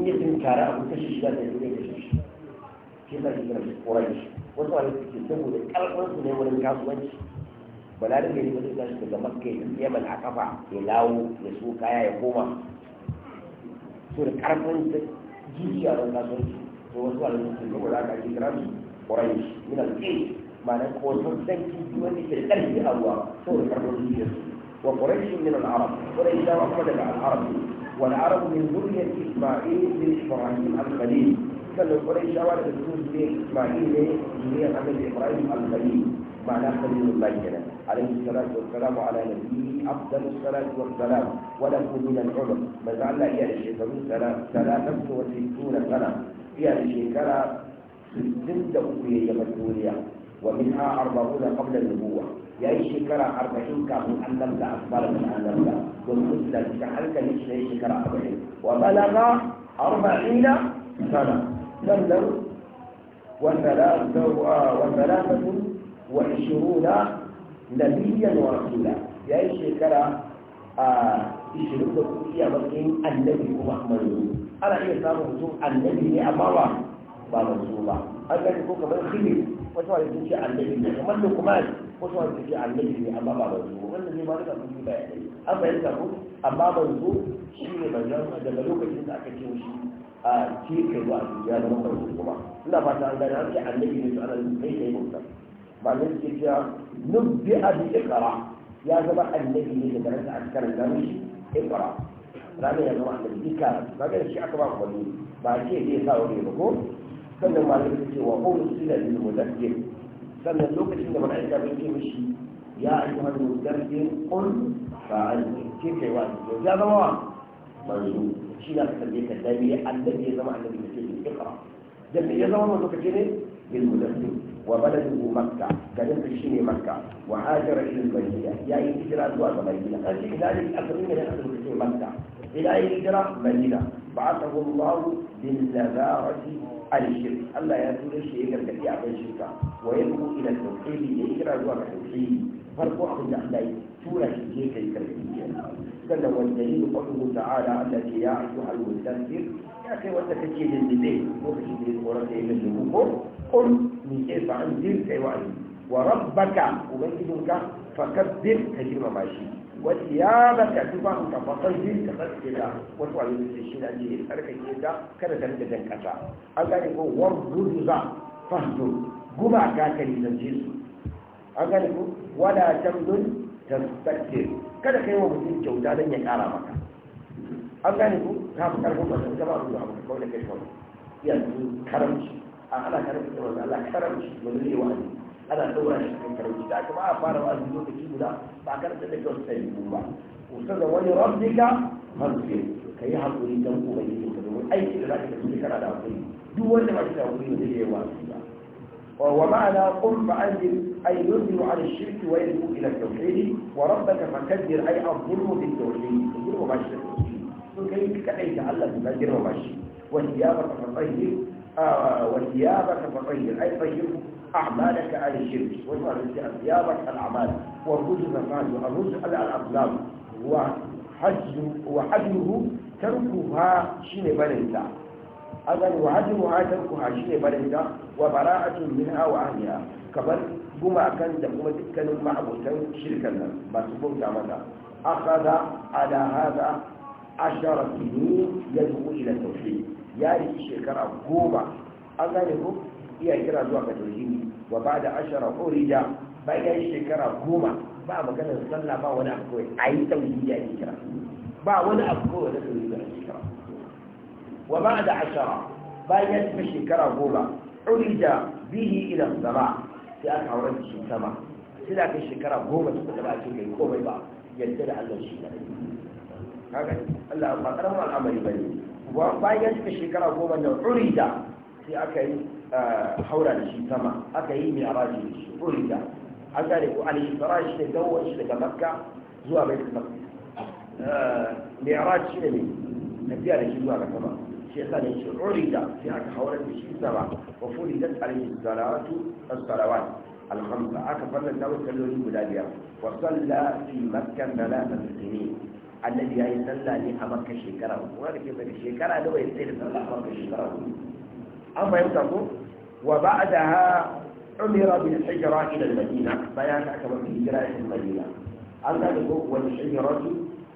in yi tunkara abu ta shi da ya yi da shi shi shi da shi shi wasu wani suke saboda karfin su ne wurin kasuwanci bala da ke nufin tashi daga makka ya yaman a kafa ya lawo ya so kaya ya koma so da karfin su jijiya don kasuwanci to wasu wani suke saboda aka ake kira su koran shi yana tsaye ma'ana kowace sanki wanda ke da ƙarfi a ruwa saboda karfin jijiyar su وقريش من العرب قريش وأحمد العرب والعرب من ذرية إسماعيل بن إبراهيم الخليل كل قريش ولا تجوز لإسماعيل بن النبي إبراهيم الخليل معناه خليل الله جل عليه الصلاة والسلام على نبيه أفضل الصلاة والسلام وله من العمر ما زال إلى الشيطان ثلاثة وستون سنة إلى الشيطان ستين دقيقة مسؤولية ومنها أربعون قبل النبوة yayi shekara arba'in kafin an lamta asbara min an lamta domin suna cikin hankalin shi ya yi shekara arba'in wa balaga arba'ina sana wa sannan وثلاثة وعشرون نبيا ورسولا يا شكرا ishirin da kuɗi a matsayin annabi kuma manzo ana iya samun mutum annabi ne amma ba ba manzo ba an ko kamar khidir wasu wani sun ce annabi ne kamar lukman wasu wani sun ce annabi ne amma ba manzo wannan ne ma duka mun yi bayanai an bayyana ko amma zo shi ne manzo daga lokacin da aka ce shi a ce kai ba ya zama manzo kuma ina fata an gani an ce annabi ne to ana kai kai bauta ba ne suke cewa a abi iqra ya zama annabi ne da rasa an karanta mishi iqra ranar ya zama annabi ba ga shi aka ba ku ba ce zai sa wani ba ko sannan malamai ce wa ko su da lil mudakkir sannan lokacin da mala'ika bai ce mishi ya ayyuhal mudakkir qul fa'al ke kai wa ya zama wa manzo shi da kalle ka da bi annabi ya zama annabi ke ce ikra da ya zama manzo kace ne lil mudakkir wa baladuhu makka garin shi ne makka wa hajara ila al-madina ya yi hijira zuwa ga madina kace ila ne akarin ne akarin ce makka ila yi hijira madina ba'athahu Allah bil nazarati alshir Allah ya tura shi ya gargadi a kan shirka wa ya ku ila tauhidi ya kira zuwa ga tauhidi farko abin da Allah ya tura shi je kai gargadi kenan sannan wal dalil qawluhu ta'ala allati ya ayyuhal mudaththir ya kai wanda kake dindinde lokacin da ya kora kai da dubu ko kun ni ke fa an dir kai wa wa rabbaka ubangijinka fakabbir ka girmama shi wani ya baka duba ka fasar yin ka tsarki da wasu wani da shi na ne tsarkake da kada ta rika jan kasa an gane ko war gudu za fahdo guba ka kari da jesu an gane ko wala tamdun tastakir kada kai wa mutum kyauta don ya kara maka an gane ko ta fi karfin masu gaba da abu da kawai da kai kawai yanzu karamci a ala karamci da wanda Allah karamci wani ne wa'azi ana ɗaura shi cikin karfi da aka ba a fara wa'azi lokaci guda ba karanta da kyau sai ku ba kusa da wani rabbika masjid ka yi hakuri dan ubangiji ka domin aiki da zaka tafi kana da hakuri duk wanda ba shi da hakuri zai yi wa'azi ba ومعنى قم فأنزل أي ينزل عن الشرك ويدعو إلى التوحيد وربك فكبر da الظلم بالتوحيد الظلم ماشي كيف كأي تعلم بما جرم ماشي وثيابك فطهر آه وثيابك فطهر أي طهره أعمالك على الشرك واجعل ثيابك الأعمال والرجل الرجل الرجل الأقلام وحجمه تركها شين بلنتا أذن وحجمها تركها شين بلنتا وبراءة منها وأهلها كبر بما كان دقوم تتكلم مع بوتان شركا بس تقوم تعملها أخذ على هذا عشر سنين يدعو إلى التوحيد يعني شكرا قوما أذنه iya kira zuwa ga tauhidi wa ba'da ashara urija bayan shekara goma ba maganar sallah ba wani abu kawai ayi tauhidi ake kira ba wani abu kawai da tauhidi ake kira wa ba'da ashara bayan shekara goma urija bihi idan sama sai aka aure shi sama sai da kai shekara goma su ba a ce kai komai ba yadda da Allah shi kaga Allah ba karamin al'amari bane bayan shekara goma da urija sai aka yi eh, haura da shi sama aka yi mai araji da shi ɗori da an gane ko an yi fara shi da gawar shi daga makka zuwa mai sama mai araji eh, ne mai biya da shi zuwa ga sama shi yasa ne shi ɗori da sai aka haura da shi sama wa furi da tsarin zarawatu a tsarawat alhamdu aka fannin na wata kalloli guda biyar wa tsalla fi makka na annabi ya yi tsalla ne a makka shekara uku da ke bada shekara da bai tsaye da tsalla a makka shekara uku an fahimta ko wa ba a da ba'daha umira bil hijra ila al madina bayan aka bar hijra ila al madina an ga ko wal hijratu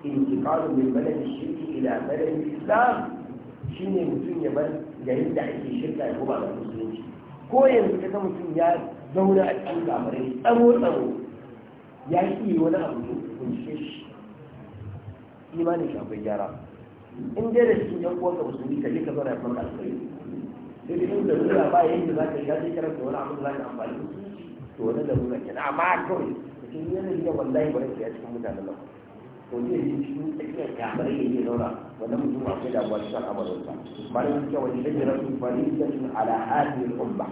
intiqalu min balad al shirk ila balad al shi ne mutum ya bar garin da ake shirka ya koma ga musulunci ko yanzu kaga mutum ya zauna a cikin kamarai tsaro tsaro ya ki wani abu ne kunshe shi imanin shafin gyara in dai da cikin yan uwanka musulmi ka je ka zauna ya farka alkhairi cikin da nuna ba yayin da za ka shiga sai karanta wani abu da za ka amfani to wani da nuna kenan amma kawai cikin yi da wallahi ba ya cikin mutanen nan to zai yi cikin tsakiyar kamar yayin ya zauna wannan mutum akwai damuwa cikin al'amarin sa malamin cewa wani hijirar su faridatun ala hadin umma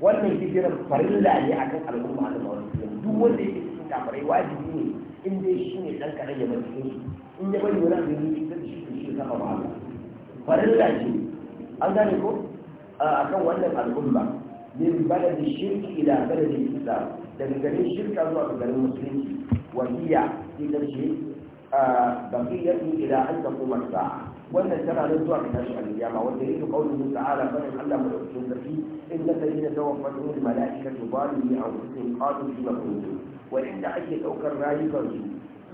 wannan hijirar farilla ne akan al'umma da mawar duk wanda yake cikin kamarai wajibi ne in dai shi ne dan kaɗan ya bar cikin in ya bari wani abu yi cikin shi ne sama ba Allah farilla ce an gane ko a kan wannan al'umma min balad shirki ila balad islam daga garin shirka zuwa ga garin musulunci wa hiya ita ce baqiyatu ila an taquma sa'a wannan tana nan zuwa ga tashi al-qiyama wanda yake qaulun ta'ala fa in Allah madaukakin sarki in da ladina tawaffatu al malaikatu zalimi aw sun qalu bi kuntum wa inda ake daukar rayukan su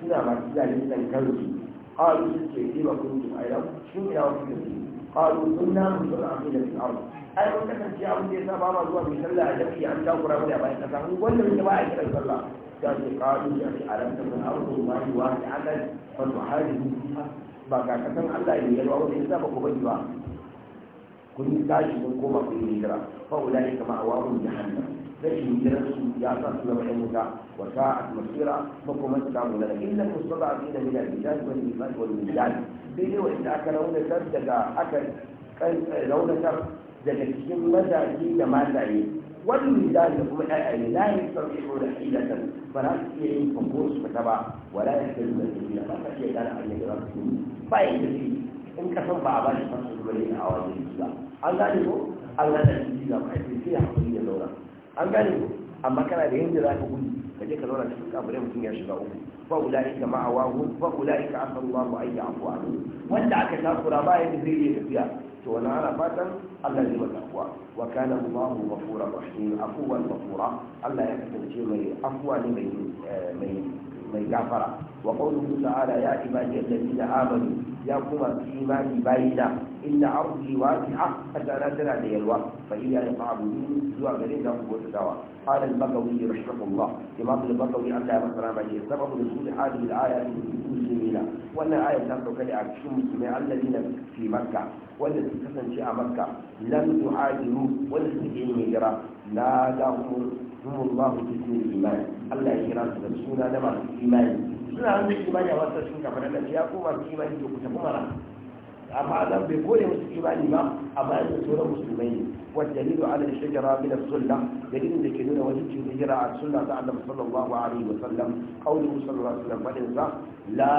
suna masu zalimin kansu qalu suke bi kuntum ai da shin ya wuce قالوا كنا نصلي عقيدة في الأرض ai wanda kan ce abin da ya saba ba zuwa mai sallah a jami'i an takura mu da bayan kasa mun wanda mun ba a kira sallah ta ce qalu ya fi alam ta kun ardu ma yi wa ta akan fa tuhajiru ba ga kasan Allah ne yalwa wanda ya saba ku bari ba kun tashi kun koma kun yi hijira fa ulai kama awabun jahannam zai gidansu ya sa su zama yan wuta wa sa'at masira makoman su samu lana illa mustaba fi da min al-bidat wal iman wal aka raunatar daga eh, raunatar daga cikin mazaje da mataye wani mizan da kuma ayyaye la yasabihu da hilatan ba za su iya yin fanko su fita ba wala yasabihu da hilatan ba ka iya gane abin da za su yi ba yadda in kasan ba a ba shi fasu zuwa ne a wajen ba an gane ko an gane da shi ga ma'aikata sai hakuri da zaura an gane amma kana da yanda za ka gudu ka je ka zauna cikin kafirai mutum ya shiga uku fa ulaika ma'awahu fa ulaika asallahu an ya'fu anhu wanda aka takura ba yanda zai iya tafiya to wani ana fatan Allah zai maka afuwa wa kana Allahu ghafurur rahim afuwan ghafura Allah ya kasance mai afuwa ne mai eh, mai mai gafara wa musa ala ya a ibadi alladhina amanu ya kuma imani bayina inna ardi wasi'a fatana tana da yalwa fa iya abu fa'budu zuwa gare da ku bauta dawa qala al-bagawi rahimahullah imam al-bagawi Allah ya masara mai sababu nuzul hadhihi da ayat muslimina wannan ayat ta sauka ne a cikin musulmai alladhina fi makka wanda su kasance a makka lam tuhajiru wanda suke yin hijira la dahum humullahu fi iman Allah ya kira su da suna da masu imani suna wanda imani a wasu sun kafa da ya ko su imani to kuta kuma amma Allah bai kore musu imani ba a bayan da sauran musulmai ne والدليل على الشجرة من السنة دليل لكنون وجدت الهجرة على السنة تعلم صلى الله عليه وسلم قوله صلى الله عليه la والإنسان لا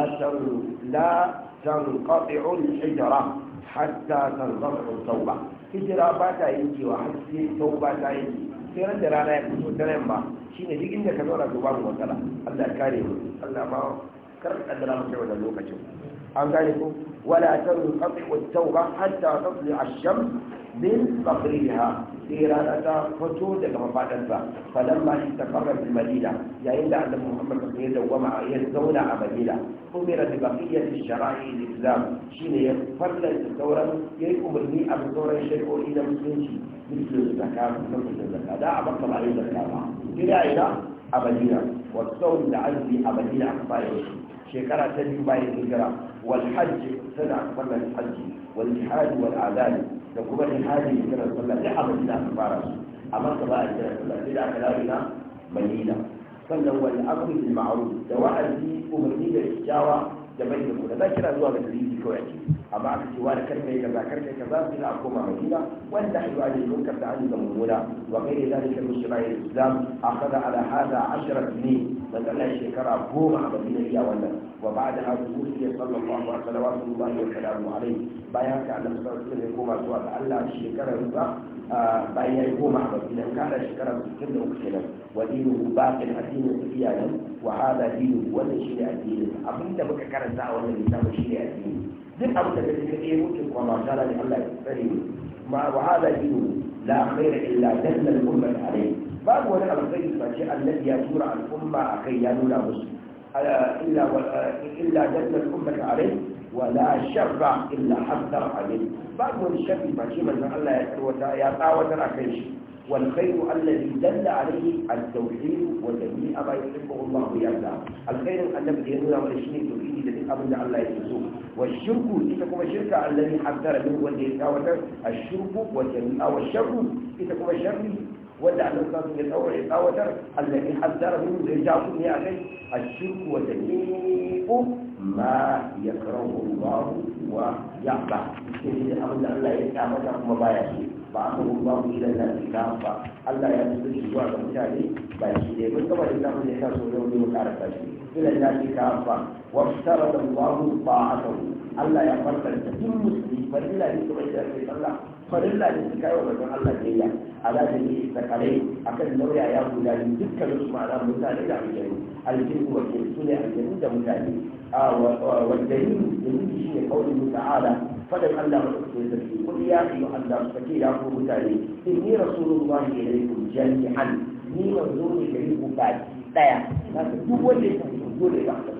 لا تنقطع الحجرة حتى تنقطع التوبة hijira ba ta yin cewa har sai tauba ta yi sai ran da rana ya fito ta yamma shine duk inda ka zauna to babu matsala Allah ya kare mu Allah ma kar kaddara mu kai wannan lokacin an gane ko wala tarun qat'u at-tawba hatta tatli ash-shams min faqriha sai rana ta fito daga mafadarsa falan ma shi tafarra bil madina yayin da annabi muhammad sai ya dawama ya zauna a madina umira bi baqiyati shara'i al-islam shine ya da sauran yayi umarni a sauran shari'o'i na musulunci misal zakat da zakat da a bakka ba yin zakat ba ila ila a madina wa saum da azumi a madina a bayan shekara ta biyu bayan hijira والحج سنة صلى الحج والجهاد والأعذان لكم الجهاد سنة صلى لحظة إلى كفارة أما صلاة سنة صلى إلى كلامنا مدينة صلى والأمر بالمعروف دواء في أمرني بالإجابة da da gona za kira zuwa ga dalili kawai ake amma aka ce wani karfe ya kaza karfe ka za su yi a koma madina wanda ayi wani lokar da an da mummuna wa kai da zalika min shirai islam akhadha ala hada ashara ne matsala shekara goma a madina iya wannan wa ba'da hadu usiya sallallahu alaihi wa sallam wa sallallahu alaihi wa sallam bayan haka annabi sallallahu alaihi wa sallam ya koma zuwa ga Allah shekarar ba bayan ya yi goma a baki nan kada shekara sittin da uku kenan wa dinu baqin addinin su iyayen wa hada dinu wannan ne addini abinda muka karanta a wannan littafin shine addini duk abin da kake kake mutum kuma masha Allah Allah ya tsare mu ma wa hada dinu la khaira illa dalla al-ummah alayhi babu wani alkhairi face annabi ya tura al'umma umma akai ya nuna musu illa illa dalla al-ummah wala sharra illa haddar alim babu wani sharri ba ce manzon Allah ya tsawata ya tsawatar a kai shi wal khairu alladhi dalla alayhi at-tauhid wa jami'a ma yuhibbu Allah yarda al khairu annabi da ya nuna mana shine tauhidi da duk abin da Allah yake so wa shirku ita kuma shirka alladhi haddara min wanda ya tsawatar ash-shirku wa jami'a wa sharru ita kuma sharri wanda annabi sallallahu alaihi wasallam ya tsawatar allazi haddara min da ya ku ne akai wata wa jami'u ma yakrahu Allah wa ya'ba shi ne abin da Allah ya tsamata kuma baya shi ba aka ruwa ku ila nan ka ba Allah ya tsare shi zuwa ga mutane ba shi ne mun kaba da zamu ne ka so da mu karanta shi إلى الناس كافة وافترض الله طاعته الله يفرق كل مسلم فلله لتبعد في الله فلله لتكاي وبدون الله جيا على جميع الثقلين أكل نوع يا أولاد تلك الأسماء على مثال إلى الجن الجن والجن الجن ده مثال والدليل الجن شيء قوله تعالى فلم أن لا قل يا أيها الناس فكي يعفو مثالي إني رسول الله إليكم جميعا ni manzo ne gare ku baki daya duk wanda ya dole ya haɗa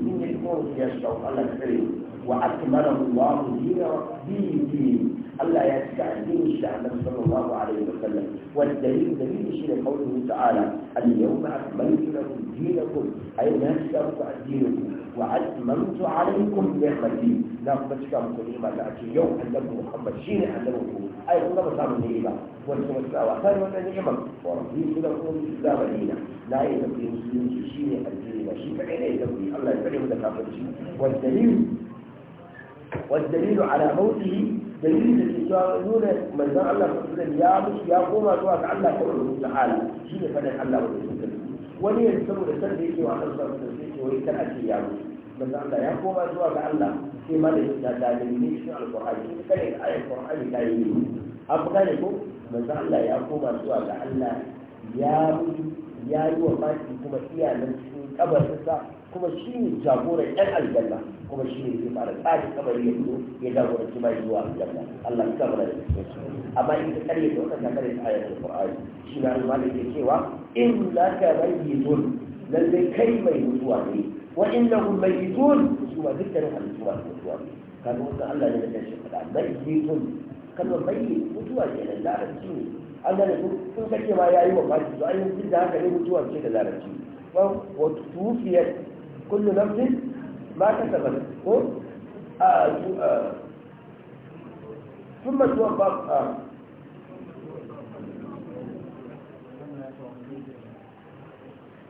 in ya kuma ya shau Allah ya kare wa akmalahu Allah dina dini Allah ya cika addinin shi da Annabi sallallahu alaihi wa sallam wa dalil dalil shi da qawluhu ta'ala al yawma akmaltu lakum dinakum ay na cika ku addinakum wa atmamtu alaykum ni'mati na kuma cika muku ni'ima da ake yau annabi Muhammad shine annabi ku ai kun ga samun ni'ima wani kuma suka wa sai wannan ni'imar wa rabbi kula ku zabalina la da tafi musulunci ne addini ba shi kadai ne ya Allah ya kare mu da kafirci wal dalil wal dalil ala mautihi dalilin da ke cewa nuna manzon Allah sallallahu alaihi ya mutu ya koma zuwa ga Allah subhanahu wa ta'ala faɗin fadin Allah wa rasuluhu wani yanzu saboda san yake wa Allah sallallahu alaihi wa sai ya wai a ya mutu manzo Allah ya koma zuwa ga Allah sai ma da da dalilin shi alqur'ani shi da ayat qur'ani da yi abu gane ko manzo Allah ya koma zuwa ga Allah ya ya yi wa fati kuma iyalan cikin kabarinsa kuma shi ne jagoran yan aljanna kuma shi ne zai fara tsarin kabarin ya fito ya jagoranci mai zuwa aljanna Allah ya kamar da shi amma in ka karye da wannan kakar da ayatul qur'ani shi na almalik ke cewa in la ka bayyinun lallai kai mai mutuwa ne wa innahum mayitun suwa dukkanin halittu masu mutuwa kaga wasu Allah ne da shi fada mayitun kalmar mayit mutuwa ke da larabci ne an gane sun kake ma yayi wa baki to ayyukan duk da haka ne mutuwa ce da larabci wa tufiyat kullu nafsin ma kasabat ko ثم توفى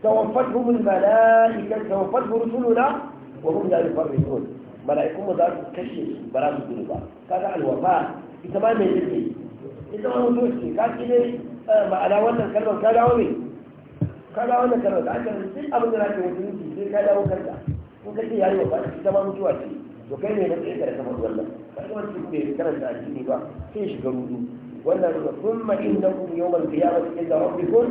توفتهم الملائكة توفتهم رسلنا وهم لا يفرطون ملائكهم ذات كشف براس الدنيا كذا الوفاء كمان من ذلك إذا ما نتوشي كان كده ma'ana wannan kalmar ka dawo ne ka dawo wannan kalmar da aka duk abin da zaka mutunci sai ka dawo kanka in ka ce yayi wa ba ita ma mutuwa ce to ne na tsaye da kamar wannan kaga wannan bai karanta addini ba sai shiga rudu wannan summa innakum yawmal qiyamati inda rabbikum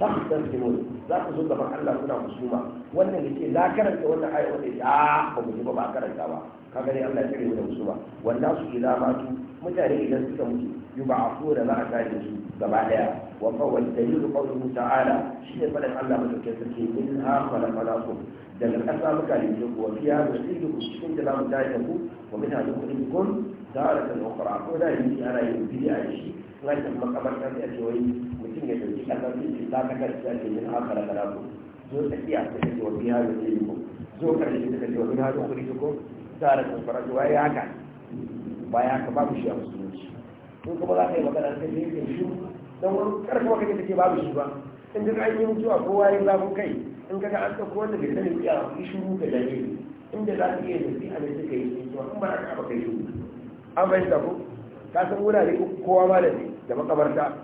تختصمون za ku zo gaban Allah kuna musuma wannan yake na karanta wannan aya wanda ya ah, ba mu ba a karanta ba ka gani Allah ya kare mu da musuma wanda su ila tu mutane idan suka mutu yub'afu da za a kare su gaba daya wa fa wal dalil qawluhu ta'ala shi ne fadan Allah a sarki in ha khalaqalakum daga ƙasa muka ne ku wa fiya musidu cikin da zamu tashi ku wa min hadu kun daratan ukhra ko da yi ana yin bid'a shi na da makamantar da ke wai mutum ya dauki kasar da za ka karshe ake yin haka da karabu zo tsakiya ta kace wa biya da ke ko zo karshe ta kace wa biya da kuri ko tsara da farko wai haka baya haka babu shi a musulunci in kuma za ka yi magana ta ne ke shi don wani karfi maka ne take babu shi ba in ka an yi mutuwa kowa ya zafin kai in ka ga an ɗauko wanda bai sani biya yi shuru ka dalili inda za ka iya nufi a mai suka yi shi in ba ka ba kai shi an bai ko ka san wurare kowa ma da ne da makabarta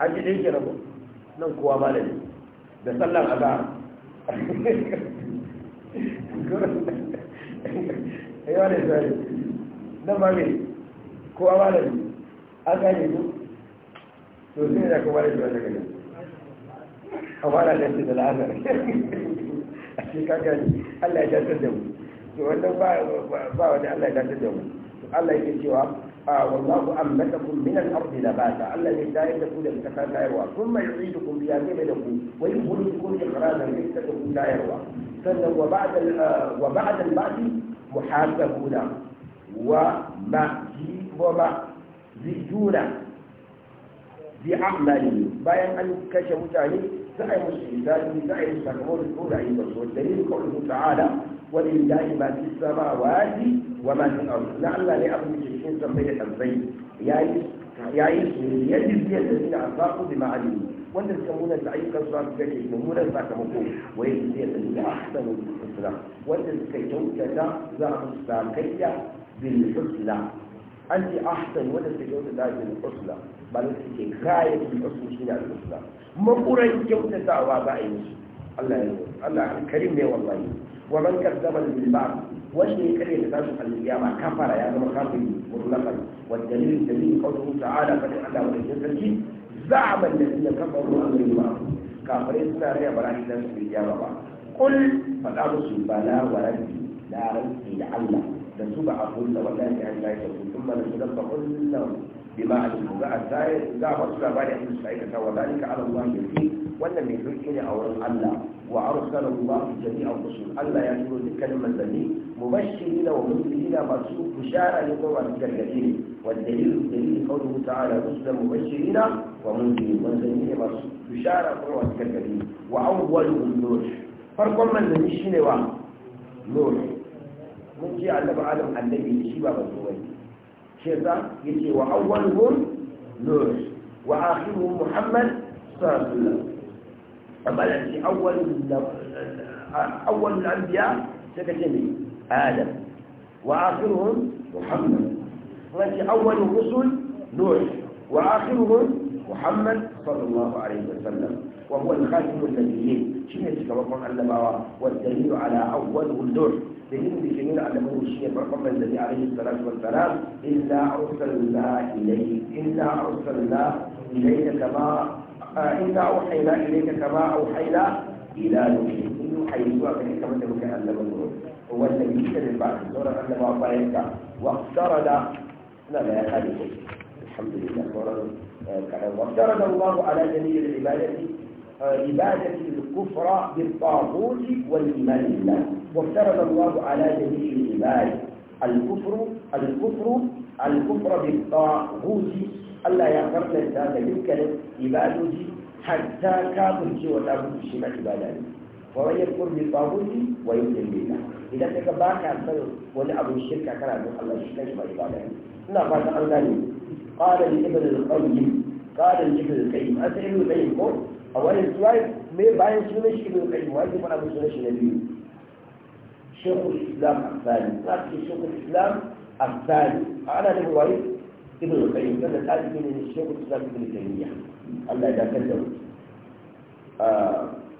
an ji ɗin kenan nan kowa malami da sallan azhar yawa da zai nan ma mai kowa malami an gane ku to sai da kowa da zai daga gani a fara da su da la'azar a shekaka ne allah ya tattar da mu to wannan ba wani allah ya tattar da mu allah yake cewa والله أنبتكم من الأرض نباتا الذي لا يدخل الكفاة لا يروى ثم يعيدكم فيها بينكم ويخرجكم إخراجا ليس لكم لا يروى وبعد وبعد البعث محاسبون ومأجيبون بأعمالهم bayan an kashe mutane سعي الإنسان سعي الشكور الأولى عند الرسول دليل قوله تعالى ولله ما في السماوات وما في الأرض لعل لأبو الشيخين سمية الزين يعيش من يد بيد الذين أصابوا بما علموا وأن تسمون تعيش كسرات بيت المهمون فاكمكم ويجزي الذين أحسنوا بالحسنى وأن تسكيتم كذا زعم الساقية بالحسنى anti ahsan wanda suke kyautata bil usla ba da suke kayan bil usla shine al usla makuran kyautatawa za a yi musu Allah ya yi Allah karim ne wallahi wa man kazzaba bil ba'd wanda ya kare da tashin al-qiyama kafara ya zama kafiri mutlaqan wa dalil dalil qawluhu ta'ala fa Allah wa rasulihi za'ama alladhina kafaru an ba. kafirai suna raya barahi dan su qiyama ba qul faɗa da musu bala wa rabbi la rabbi da Allah da su ba a kulla wallahi an ta yi su kuma da su da ba kulla bi ma alimu za a tsaye za a wasu labari a cikin aikata wa ka ala Allah ya fi wannan mai zurfi ne a wurin Allah wa a arsala Allah fi a rusul Allah ya turo dukkanin manzanni mubashirina wa munzirina masu bishara ne ko masu gargadi ne wa dalilu dalilu qawluhu ta'ala rusulan mubashirina wa munzirin manzanni ne masu bishara ko masu gargadi wa awwaluhum nuh farkon manzanni shine wa nuh mun ce annabi adam annabi shi ba manzo bane shi yasa yace wa awwaluhum nur wa akhiruhum muhammad sallallahu alaihi wasallam amma da shi awwalul awwalul anbiya sai kace ne adam wa akhiruhum muhammad wani awwalur rusul nur wa akhiruhum muhammad sallallahu alaihi wasallam wa huwa al-khatimu nabiyyin shine shugaban annabawa wa dalilu ala awwalu al-dur dalilin da ke nuna annabawa shine farkon manzanni alaihi salatu wassalam illa arsalna ilayhi illa arsalna ilayka kama كما أوحينا إلى نوح يوحي سوى كذلك كما تبكى أن نبغى هو الذي يشتري بعد سورة أن نبغى طريقة واقترد لا لا يخالفه الحمد لله واقترد الله على جميع العبادة عبادة الكفر بالطاغوت والإيمان بالله وافترض الله على جميع العباد الكفر الكفر الكفر بالطاغوت ألا يغفر ذات تلك العبادة حتى كابر شيء وتابوت شيء عبادات ومن يكفر بالطاغوت ويؤمن بالله إذا تكبرك عن طريق ولا أبو الشرك كان الله يشتري ما يبالي لا قال الله قال لابن القيم قال لابن القيم أسأل بينكم a wani suwayi mai bayan sunan shi ibn qayyim wani kuma abin sunan shi na biyu shekul islam asali na ce shekul islam asali a ana da wani ibn qayyim wanda talibi ne shekul islam ibn Allah ya dakar da mu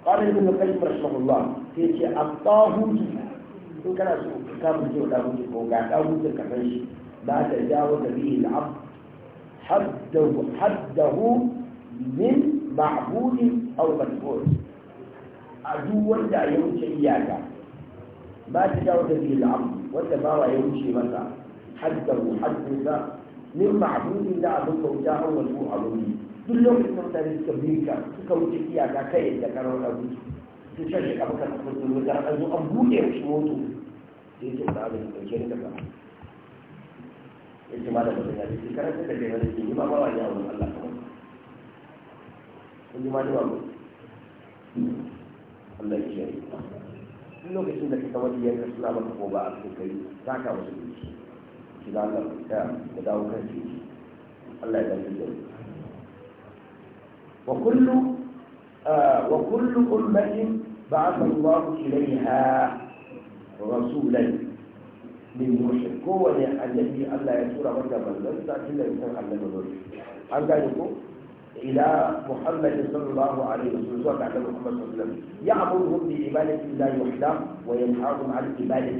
قال ابن القيم رحمه الله في الطاغوت إن كان كتاب الجوع داوود فوقع داوود الكفيش ما تجاوز به da abu حده min. ma'budin aw mad'ud a duk wanda ya wuce iyaka ba ta jawo da bil amr wanda bawa ya wuce masa haddahu hadduka min ma'budin da abin bauta aw mad'ud aw duk lokacin da mutane suka bi ka suka wuce iyaka kai da karo da wuce su shan shi kafa kan kusa wuta an an buɗe shi moto sai ce ta abin da ke da kama ya ce ma da mutum ya ce karanta da kai wani ke yi ma ba wa ne a wurin Allah kamar kun ji mani Allah ya kiyaye duk lokacin da ka wani yanka suna maka ko ba a cikin kai za ka wasu duki ki za ka fita dawo kan ciki Allah ya dace da wa kullu ah, wa kullu ummatin ba'atha Allah ilayha rasulan min mushrik kowane annabi Allah ya tura masa manzon sa tun da annabi an gane ko إلى محمد صلى الله عليه وسلم وبعد محمد صلى الله عليه وسلم يعبدهم بعبادة الله وحده وينهاهم عن عبادة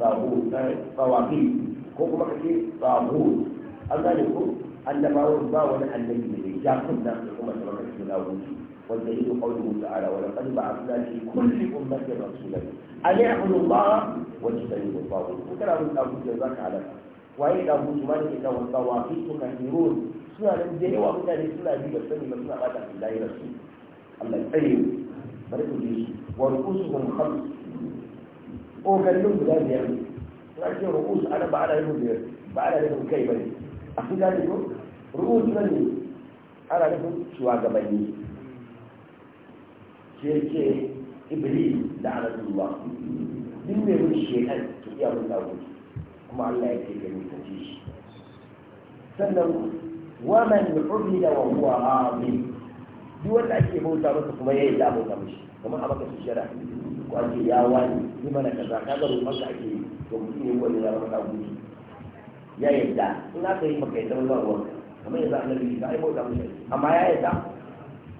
طاغوت طواغيت كوكو كثير طاغوت أذلك أن ما وضع ولا النبي الذي جاءكم ناس الأمة صلى الله عليه وسلم والدليل قوله تعالى ولقد بعثنا في كل أمة رسولا أن اعبدوا الله واجتنبوا الطاغوت وكلام الطاغوت جزاك على ذلك waye da abu su ma da ke kawo sa wa fi su kafirun suna nan da yawa mutane suna bi da sani ba suna bata da lahira su Allah ya tsare mu bari mu ji wa rukusuhum khams kokarin guda biyar ne suna ce rukus ana ba ana yin biyar ba ana yin kai bane a su gane ko rukus nan ne ana nufin ga ke ce ce iblis da anatullah duk mai mun shekan ke iya mun dawo kuma Allah yake da mutaci shi sannan wa man ubida wa huwa amin duk wanda ake bauta masa kuma yayi da bauta mishi kamar a baka shara ko ake ya wani ni mana kaza kaga roƙon ka ake to mu ne wani ya maka gudu ya yadda ina aka yi maka yadda ba ruwan kuma yanzu annabi ka yi bauta mishi amma ya yadda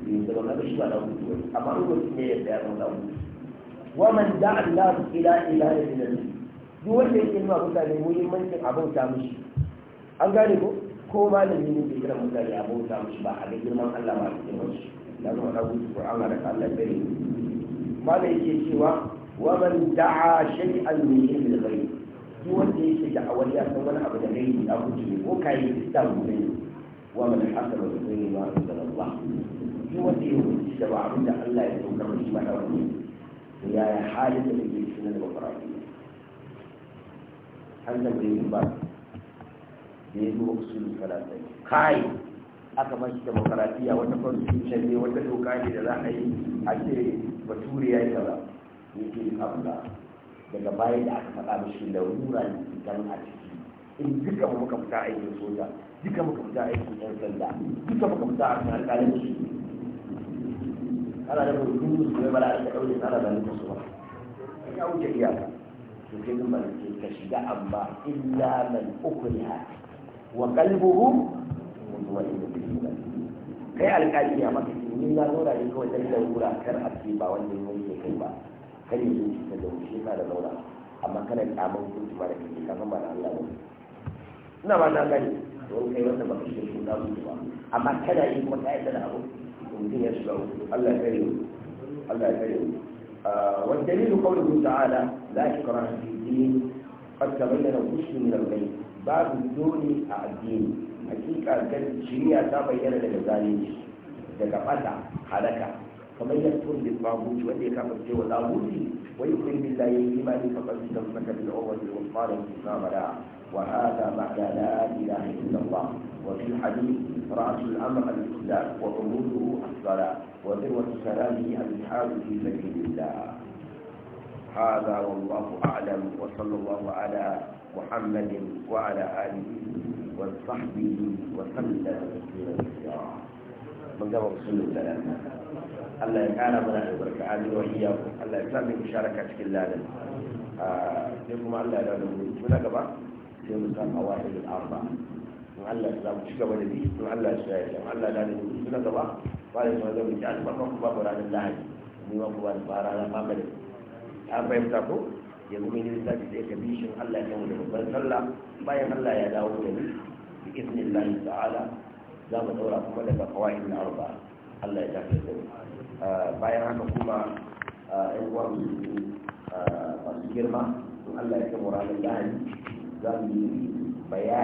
ne da wannan shi ba da gudu amma in ne ne yadda ya bauta da wa man da'a Allah ila ilahi min duk wanda yake nuna mutane muhimmancin abauta shi. an gane ko ko malami ne bai kira mutane abauta shi ba a ga girman Allah ba a cikin shi da zama na gudu Qur'an da Allah dare malai yake cewa wa man da'a shay'an min ilmi al-ghaib duk wanda yake da'awar ya san wani abu da gaibi ya gudu ne ko kai da gudu wa man hasaba bi ghayri ma anzalallah duk wanda ya gudu da ba abin da Allah ya saukar shi ba da wani yaya halin da yake cikin da qurani hannun da yi ba da ya zo ne karatu kai aka ba shi demokaratiya wata constitution ne wata doka ne da za a yi a ce bature ya yi kaza ya ce kamla daga baya da aka faɗa da shi. da larura ne idan a ciki in duka muka fita aikin soja duka muka fita aikin yan sanda duka muka fita a kan alƙalin shi ana da mutum su ne bala a ɗauke tsara da nufin su ba ya wuce iyaka to ba da ke Ka shiga amma illa man ukriha wa qalbuhu mutmainun bil iman kai alƙali ya maka ni na zauna ne kawai dan larura kar a ce ba wanda ya yi kai ba kar ya zo ta da wuce ka da zauna amma kana kamar kuntu ba da kake ka ba da Allah ne ina ba na gani don kai wanda baka shi ko na mutu ba amma kada yi kuma kai da abu mutum ya shiga Allah ya kare Allah ya kare والدليل قوله تعالى لا إكراه في الدين قد تبين الرشد babu الغي a addini الدين حقيقة قد ta bayyana daga ذلك daga fata halaka kamar ya tun da babuci wanda ya kafa cewa labuci wa yuqim billahi imani faqad istamsaka bil urwati al wuthqa la inqisama la wa hadha ba'da la ilaha illa allah wa fi hadith ra'su al amr al islam wa umuru as salat wa dhirwatu salamihi al jihad fi sabilillah هذا والله أعلم وصلى الله على محمد وعلى آله وصحبه وسلم كثيرا من قبل رسول الله الله يكالا من أعبرك آله وإياكم الله يسلم مشاركة كلا لنا يقوم الله يرد من كل قبع يمسك أواحد الأربع وعلى السلام شكا ولدي وعلى السلام وعلى الله نرد من كل قبع وعلى السلام يجعل مرحبا وعلى الله من وقوة الله لا ما ملك an fahimta ko yanzu yi lissafi sai ka bishin Allah ya mu da babban sallah bayan Allah ya dawo da ni bi lahi ta'ala za mu daura kuma daga kawai na arba Allah ya tafi da ni ah, bayan haka kuma ah, yan uwa ah, masu girma in Allah ya kai mu ranar lahani za mu yi bayani